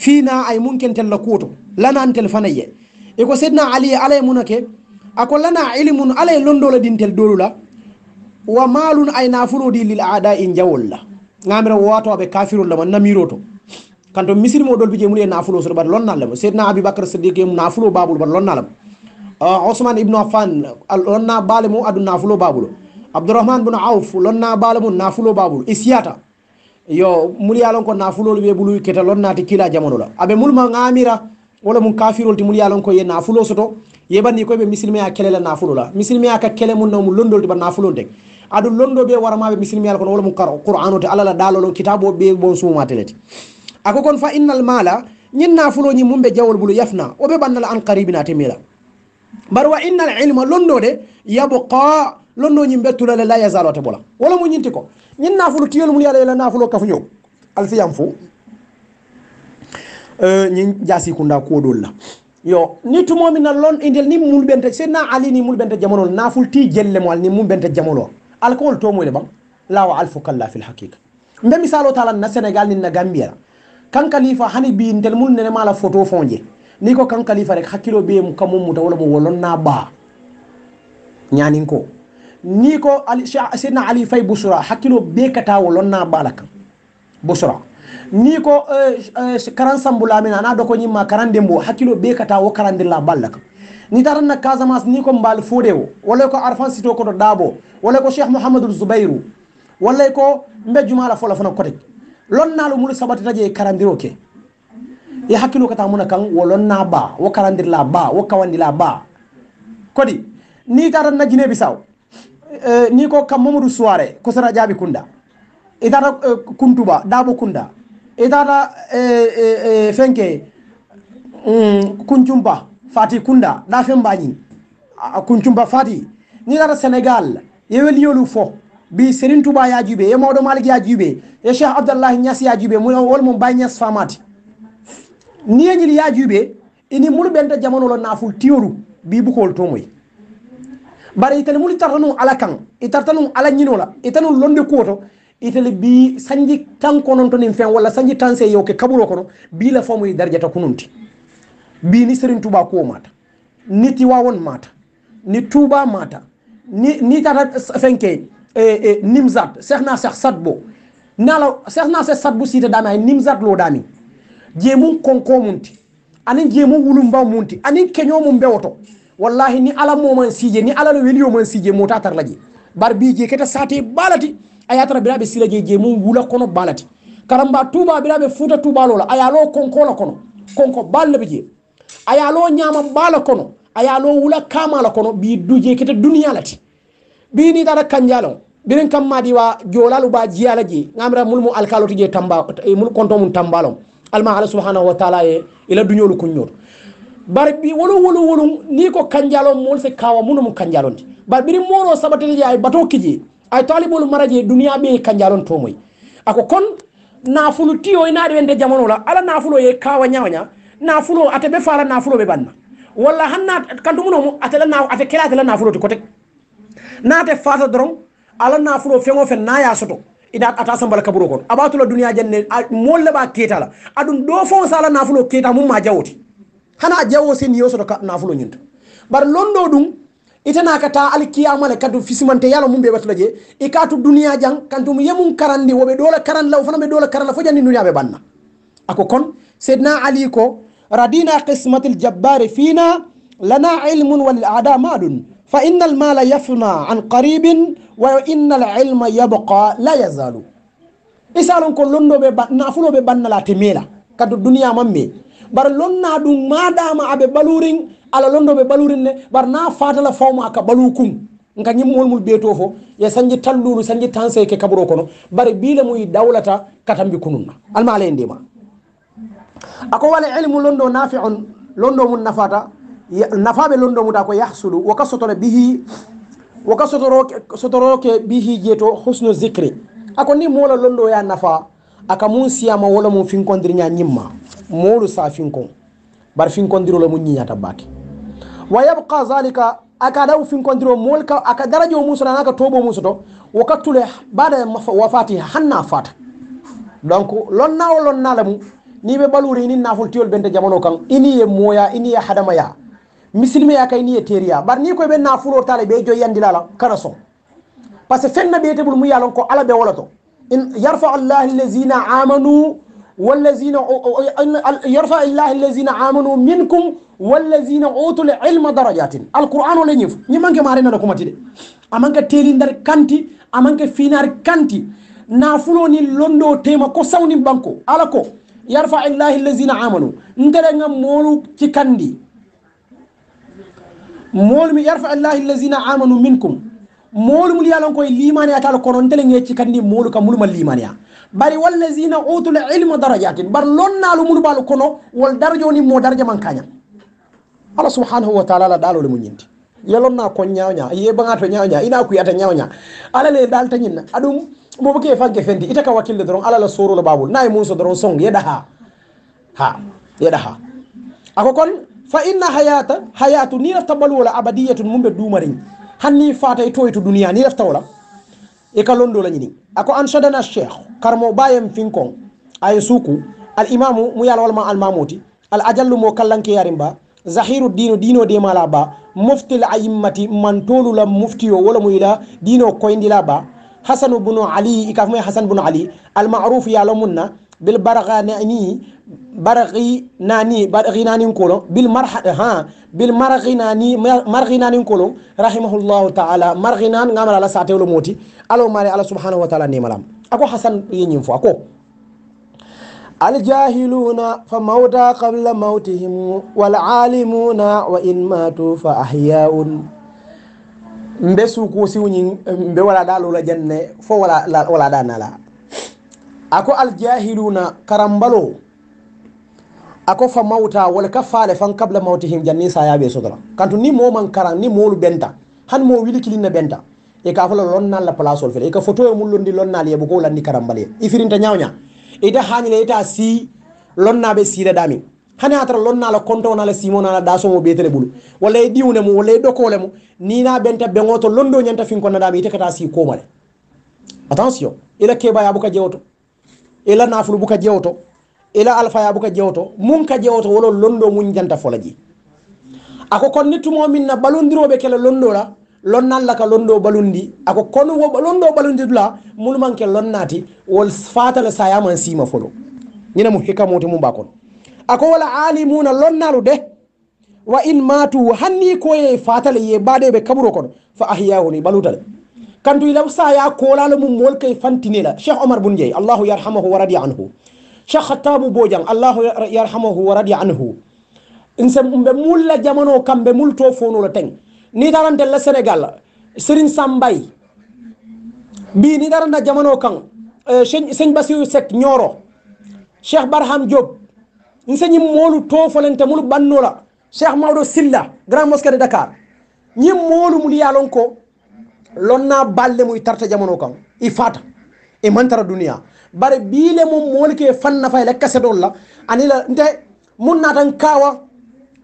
fina ay mun kentel la kuuto lana ntel fanaye e ko sedna ali e ala e munake a kollana ilimun ala e londola dintel dolula wa malun ay nafulodi lil aada i jawolla gamira watoɓe kafirollama namiroto kanto misirmo dolbije mum e nafulo soto bat lonnallema sedna aboubacar sadiq mu nafulo babulo bat lonnalam ousmane ibnu afan lonna baale mum adu nafulo babulo abdourahmane bun auf lonna baale mum nafulo babulo isiyata yo mulyalon ko nafulolo wiye ɓuluy keta lonnati kila jamanola aɓe mulma gamira wala mum kafirol ti mum yalon ko ye nafulo soto yebanni ko be muslimé ya kelela nafulo la muslimé ya ka kele mun no mu londol di ba nafulo de adu londo be wara mabbe muslimé yalon ko wala mum qur'an qur'an ta alala dalolo kitabo be bon suma telete ako kon fa innal mala nyin nafulo nyi mumbe jawol bulu yafna o be bandal an qaribina temila bar wa innal ilma londo de yabqa londo nyi mbetula la yazalote bola wala mu nyinti ko nyin nafulo tiyol mun yalela nafulo kafu nyok alfiyam fu ñin jasikunda kuwoɗol la yo ni tumomin na lon indel ni mul bente sena ali ni mul bente jamonol naful ti jelle mo ni mul bente jamolo alcool to moyle bang lawa alfu kalla fil haqiqa mbe misalo talan na senegal ni na gambia kan khalifa hani bi intel mul nene mala photo fonje ni ko kan khalifa rek hakilo be mu kamum muta wala mo wolon na ba nyanin ko ni ko al sina ali fay busra hakilo be kata wolon na bala kan busra ni ko eh, eh, karan sambula min ana doko ñimma karan ndembo hakkilo ɓekata wo karandirla balla ka ni taranna casamance ni ko mbaal fode o wallay ko arfan sito koto daabo wallay ko cheikh mouhamadou zoubayrou wallay ko mbejjumala fola fana kote lonnalo mulu saɓati taje karandiro ke e hakkilo kata muna kan wo lonna ba wo karandirla ba wo kawandila ba kodi ni taranna jinebi saw eh, ni ko kam mamadou soware ko sera jaaɓi kunda e tata kuntuba daabo kunda etata eh, eh, e, fenke mm, kuncumpa fati kunda da hembañin kuncumpa fati ni tata sénégal yeweliyolu fo bi serin touba yajuɓe ye mawdo malik yajuɓe ye cheikh abdoullahi nias yajuɓe mu wolmu bay nias famati ni yeñil yajuɓe ini mulu ɓenta jamanolo naful tiyolu bi bukol tomoy bari itani mulu tartanu ala kan i tartanu ala ñinola itanu londi kuoto itali bi sanji tan kononto nin fen walla sanji tan se yewke kaburo kono bi la famuy darjata kununti bi ni serigne touba ko mata ni tiwawon mata ni touba mata ni ni tata fenke e e nimzat cheikhna cheikh sadbo nala cheikhna cheikh sadbo sita dama nimzat lo dami jemu konko munti anin jemu wulumba munti anin kenyo mum bewoto wallahi ni ala moman sije ni ala no weliyo man sije mota tar laji bar bi je keta sate balati a tara bira be sila je mu wula kono balati karamba tuba bira be futa tuba lola a ye konko la kono konko bal be je a nyama bala kono a wula kama la kono bi duje kete duniya lati bi ni tara kanjalo birin kam madi wa jolalu ba jiyala je ngamra mulmu alkaloti je tamba e mul konto mun tambalom alma ala subhanahu wa ta'ala ye ila duñolu kuñol bar bi wolo wolo wolo ni ko kanjalo mol se kawa munum kanjalo bar biri moro sabatele je ay bato kiji ay talibolu maraje duniya be kanjalon to moy ako kon nafulu tiyo ina de wende jamono la ala nafulo ye kawa nyawnya nafulo ate be fara nafulo be banna wala hanna kandumuno nomu ate la naw ate kela la nafulo to kotek naate fata dron ala nafulo fengo fen na ya soto ida ata sambal kaburo kon abatu abatula duniya janne molle ba keta la adun do fon sala nafulo keta mum ma jawoti hana jawo sin yoso to nafulo nyinto bar londo dum itanaka ta alkiyamale kadum fisimante yala mum ɓe wattula je e katu duniya jang kantum yemum karandi woɓe ɗole karandla o fana ɓe ɗole karandla fo jandi duniyaɓe ɓanna ako kon seydna ali ko radina qismate ljabbare fina lana ilmun walada madun fa inna almala yafna an qaribin wa inna alilma yabqa la yazalu isalon ko londoɓe nafuloɓe ɓannala te mela kadu duniya mamme bara lonna ɗum maɗama aɓe ɓalurin ala londoɓe ɓalurin ne bar na fatala fawma ka ɓalu kun nka ñimmol mu ɓeeto fo ye sanji tallumi sanji tanseke kaburo kono bare biile muy dawlata katambi kununna alma ala e ndima ako wala ilmu londo nafi on londo mum nafata nafaɓe londo muda ko yahsulu woka sotora bihi woka sotoroke bihi jeeto husnu zicri ako ni moola londo ya nafa aka mun siyama wola mum finkondirña ñimma moolu sa finkon bar finkondirola mu ñiñata baake wa yabqa zalika aka daw finkodiro mool ka aka daradio mum soto anaka toɓo mum soto wo kattule baada wa fati hanna fata donc lonnawo lonnala mum ni ɓe ɓaluri ni nafol tiyol ɓende jamano kan iniye moya iniye hadamaya misilme ya ka iniye teriya bar ni koye ɓe nafulotale ɓe joyi andilala kana son par ce que fenna ɓeyete ɓol mum yalon ko ala ɓe wolato yarfau llah alladina amanu والذين يرفع الله الذين آمنوا منكم والذين أوتوا العلم درجات القرآن ولا نيف ني مانكي مارينا دكو ماتي amanka telindar kanti amanka finar kanti nafulo ni londo tema ko sawni banko ala ko yarfa illahi allazina amanu ngere nga molu ci kandi molu mi yarfa illahi allazina amanu minkum moolu mul yalon koye limaniyatal kono ntele ŋecci kandi moolu ka mulu ma limaniya bari wallasina utul ilma darajatin bar lonnalu mulu balu kono wol darajo ni mo daraja man kaña allah subhanahu wa taala la ɗalole mu ñinti yalonna kon ñawña yebaŋa to ñawña ina kuyata ñawña ala le dalta ñinna aɗum mobo ke fanke fenti itaka wakkille doron ala la sorolo babol nayi munso doron song yeɗa ha ha yeɗa ha ako kon fa inna hayata hayatu nira tabaluwola abadiyatun mumɓe duumariŋ hanni fata e toyto duniya ni ref tawlam e ka londola ñini ako ansadana cheikh karmo bayem finkon aye suku al imamu mu yalawalma al mamoti al adjallu mo kallanke yarim ba zahiru dino dino de mala ba moftil aimmati man tolula moftiyo wala muyla dino koyndila ba hasanu bunu ali ikafmay e hasan bunu ali al marufu yalomunna bil baraka nani baraki nani baraki nani bil marha ha bil maraki nani maraki nani kolon rahimahullahu ta'ala maraki nan ngamara la sate lo moti alo mari ala subhanahu wa ta'ala ni malam ako hasan yenyim fo ako mautihim wal alimuna wa in matu fa ahyaun mbesu ko siwñi mbe wala dalu la janne fo wala wala danala ako aljahiluna karambalo ako fa mawta wala ka faale fan kabla mawtihim janni sayaɓe sodora kanto ni moman karan ni molu benta han mo wili kilinna benta e ka fola lonnalla place ol fele e ka photo e mum londi lonnali yeɓo ko lanni karambale ifirinta ñawña ita e hañile ita si lonnaɓe siidadami hani atara lonnala contonala simonala dasomo ɓetele ɓuulu walla e ɗiwne mum walla e ɗokole mum nina benta ɓeŋoto londo ñanta finkonnaɗami ite kata si komale attention ila e keɓayaɓo ka jewoto ila nafulu buka jewoto ila alfaya buka jewoto mun ka jewoto wolo londo mun janta folaji ako kon ni tumo min na balondiroɓe kele londo la lonnalla ka londo balundi ako kon wo londo balundi dula mulu manke lonnati wol fatala sayaman sima folo ñina mu hikkamote mum ba kon ako wala ali muna lonnalu de wa in matu hanni koye fatala ye baɗeɓe kaɓuro kon fa ahiyahuni balutale كان دو يلو سايا كولا لمو مول كي فانتينيلا شيخ عمر بن جاي الله يرحمه ورضي عنه شيخ خطاب بوجان الله يرحمه ورضي عنه انسم ام بمول لا جامانو كام بمول تو فونو لا تين ني دارانت لا سنغال سيرين سامباي بي ني دارانا جامانو كان سيغ سيغ باسيو سيك نيورو شيخ برهام جوب انسني مولو تو فولنت مولو بانولا شيخ مولو سيلا غران موسكي دكار ني مولو مولي يالونكو lonna balle mu i tarta jamano kan i fata i e mantara duniya bare biile mum molike fan nafayla e kasedol la anila nte mun natan kawa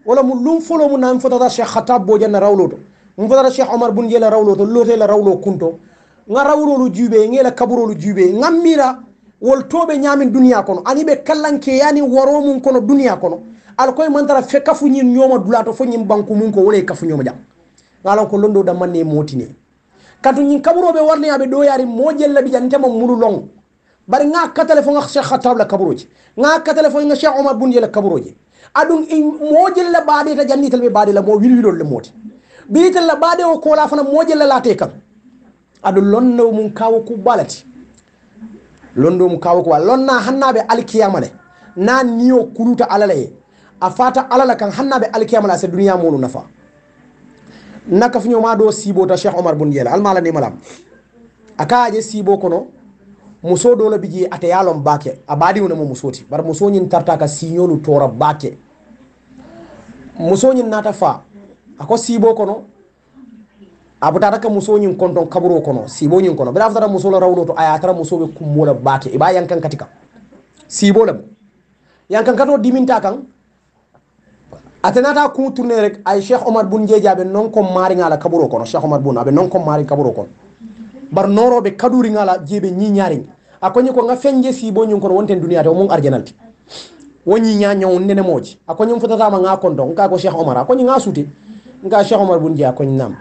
wala mu lum folo mu nami fotata cheikh hatab bo janna rawloto mu fotata cheikh omar bun jela rawloto lotela rawlo kunto nga rawrolu juube ngela kaburolu juube ngammira wol toɓe ñamin duniya kono ani ɓe kallanke yani woro mum kono duniya kono alakoye mantara fe kafuñin ñoma dulato fo ñin banku mum ko wolay kafuñoma jam ngalon ko londo damman ne motine kadu ñin kaburoɓe warneyaɓe ɗoyari moƴel laɓi jantema mulu long bari ga katale fonga cheikh khatab la kaburoji ga katale fonga cheikh omar bundi la kaburoji aɗum moƴel la baɗeta jannditalɓe baɗe la mo wilwilol le moote ɓiritel la baɗe o kola fana moƴel la late kam aɗu lonno mum kawo ku ɓalati londo mum kawo ku ɓala lonna hannaɓe alkiyama le na niyo kuluta alala ye a fata alala kan hannaɓe alkiyama la se duniya mulu nafa nakafuñoma ɗo siibota cheikh omar bon jeyla almalanima lam akaje siibo kono muso ɗo labiji ata yalon bake a baɗiwnamo musoti bara musoñin tarta ka siñolu tora bake musoñin nata fa ako siibo kono abutata ka musoñin konton kaburo kono siiboñin kono bira aftata musola rawlo to aya tara musoɓe kummola bake iba yankan katika siibo labo yankan kato diminta kan atenata kuntune rek ay cheikh omar bun jeejaɓe non ko mari ngala kaburo kono cheikh omar bun abe non ko mari kaburo kono bar noro be noroɓe kaɗuringala jeeɓe ñiñariñ a koñi ko nga ga si bo ñum kono wonten duniya te o mum arjanalti wo ñiña ñawon nene mooji a koñum fotatama ga konton nga ko cheikh omar a koñi ga suute nka cheikh omar bun jee a koñi nam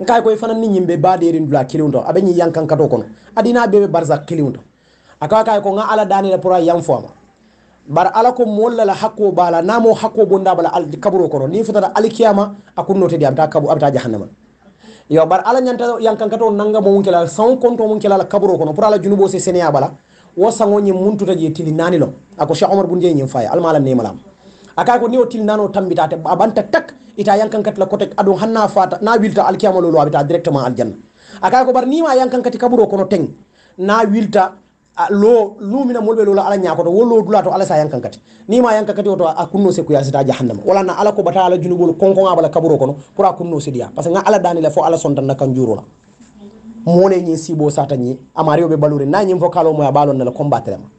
nka koye fanan ni ñimɓe baɗerin dula kiliwto aɓe ñi yankankato kono adina ɓeɓe barsak kiliwto a kawa kay ko nga ala dani pour a yam foama bara ala ko molla la hakko bala namo hakko bonda bala al kaburo kono ni futata alkiyama akunno tedi amta kabu amta jahannama yo bar ala nyanta yankankato nanga mo munkela san konto munkela la kaburo kono pour ala junubo se senya bala wo sango nyi muntuta je tili nani lo ako cheikh omar bunje nyi fay al malam nemalam aka ko niwo tili nano tambita te abanta tak ita yankankat la kotek adu hanna fata na wilta alkiyama lolo abita directement aljanna aka ko bar nima yankankati kaburo kono teng na wilta Ah, lo lumina molɓe lola ala ñakoto to wolo dula to ala sa yankankati ni ma yankankati to a kunno se ku ya sita jahannama wala na ala ko bata ala kon konkoga bala kaburo kono pour a kunno se dia parce nga ala danila fo ala sonta sontanna juro la mone ñin sibo sata ñi amari yoɓe balure na nyim vokalo mo ya balon nala combattre ma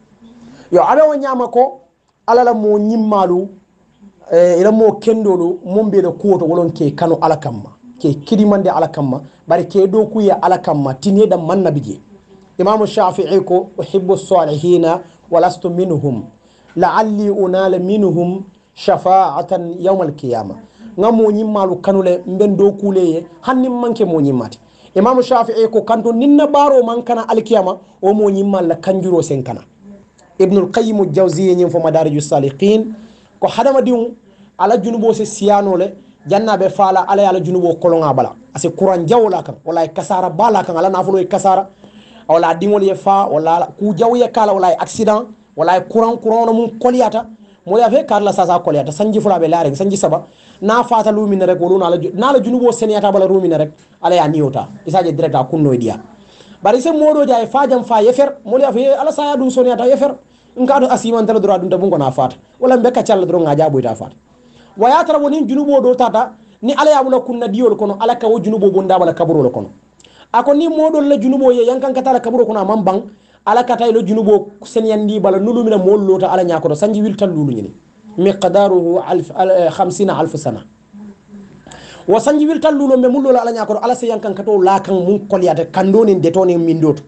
yo ala wo nyama ko ala la mo e eh, ila mo kendo mo be mbiyeɗo kuwoto wolon ke kano ala kamma ke kidimande ala kamma bare ke dow kuya ala kamma tinida man nabije Imamu Shafii ko uhibbu salihina walastu minhum laalli unala minhum shafaatan yauma alqiyama nga moñimmalu kanule mben do kuleye hanni manke moñimmati imamu shafii ko kanto ninna baro man kana alqiyama o moñimmalla kanjuro sen kana ibnul qayimu jawsiye ñin fo madariju salikin ko hadama diŋu ala junubo se siyanole janna faala ala ye ala junubo koloŋa bala ase kuran jawo kan walla kasara ba kan ala nafolo kasara wala dimol ye fa wala ku jaw ye kala wala accident wala courant courant no koliata mo ya fe kala sa sa koliata sanji fula be rek sanji saba na fata lu min rek wolu nala junubo seniata bala rumina rek ala ya niyota isaje direct a kunno dia bari se modo jay e fa jam fa ye fer mo ya fe ala sa saya ɗum soneyata yefer nka ɗo asimantala droit ɗum tabun kona fata wala mbe kaccalla doro ngaja boyta fata wayatara wonin junubo do tata ni ala yabula kunna diyol kono ala kawo junubo bunda bala kaburo kono a ko ni moɗon la junubo ye yankankatala kaburo kono a man ban ala katayilo junubo sen yandi bala nulumina moolu lota ala ñakoto sanji wil tan lulu ñini miqdaruhu hamsina eh, alfu sana wa sanji wil tan lulo ɓe mullola ala ñakoto ala se yankankato lakan mun koliyata kandonin detonin min doto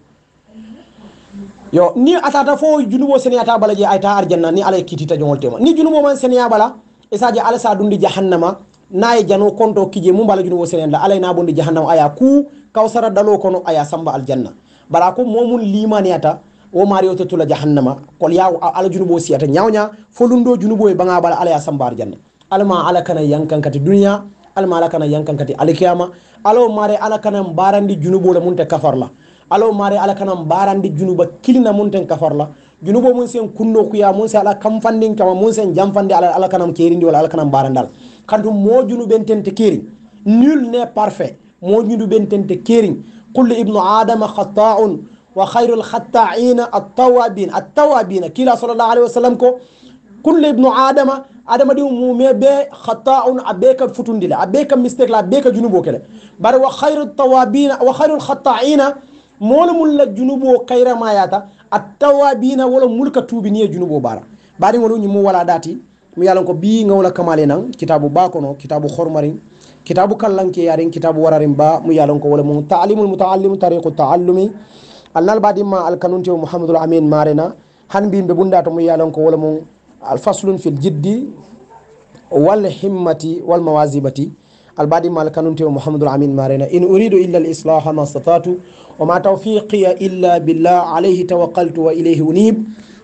yo ni atata fo junubo seniyata bala je ayta arjanna ni alay kitita joŋol tema ni junubo man seniya bala esaji ala sa dundi jahannama naye jano konto kije mum bala junuwo la alay na bondi jahannama aya ku kawsara dalo kono aya samba aljanna bara ko momum limaniyata o mario to tula jahannama kol yaw ala junubo siyata nyawnya folundo junubo e banga bala alaya samba aljanna alma ala kana yankan kati dunya alma ala yankan kati alkiyama alo mare ala kana barandi junubo la munta kafarla alo mare ala kana barandi junuba kilina munta kafarla junubo mun sen kunno kuya mun sen ala kamfandin kama mun sen jamfandi ala ala kerindi wala ala barandal kantum mojunuɓen tente kering nul n'est parfait mojunuɓen tente kering kulli ibnu adama khata'un wa hayrul khata'ina attawabin attawabina kila sallallah alayhi wa sallam ko kulle ibnu adama adama ɗi mume ɓe hatta on a ɓe ka mistake la beka ɓe ka junubo kele bare wa hayru tawabina wa hayrul hattaina molo mulla junubo kayramayata a tawabina wala mulka tuubiniye junubo bara baɗi gono ñimmo wala dati mi yalan ko ɓi gawla kamale nan kitabu bakono kitabu hormarin kitabu kallanke yaren kitabu wararin ba mi yalan ko wala mun ta'allimul muta'allim tariqu ta'allumi annal badi ma alkanunti muhammadul amin marena han bi be bunda to mi yalan ko wala mun alfaslun fil jiddi wal himmati wal mawazibati albadi ma alkanunti muhammadul amin marena in uridu illa al islah ma statatu wa ma tawfiqiya illa billah alayhi tawakkaltu wa ilayhi unib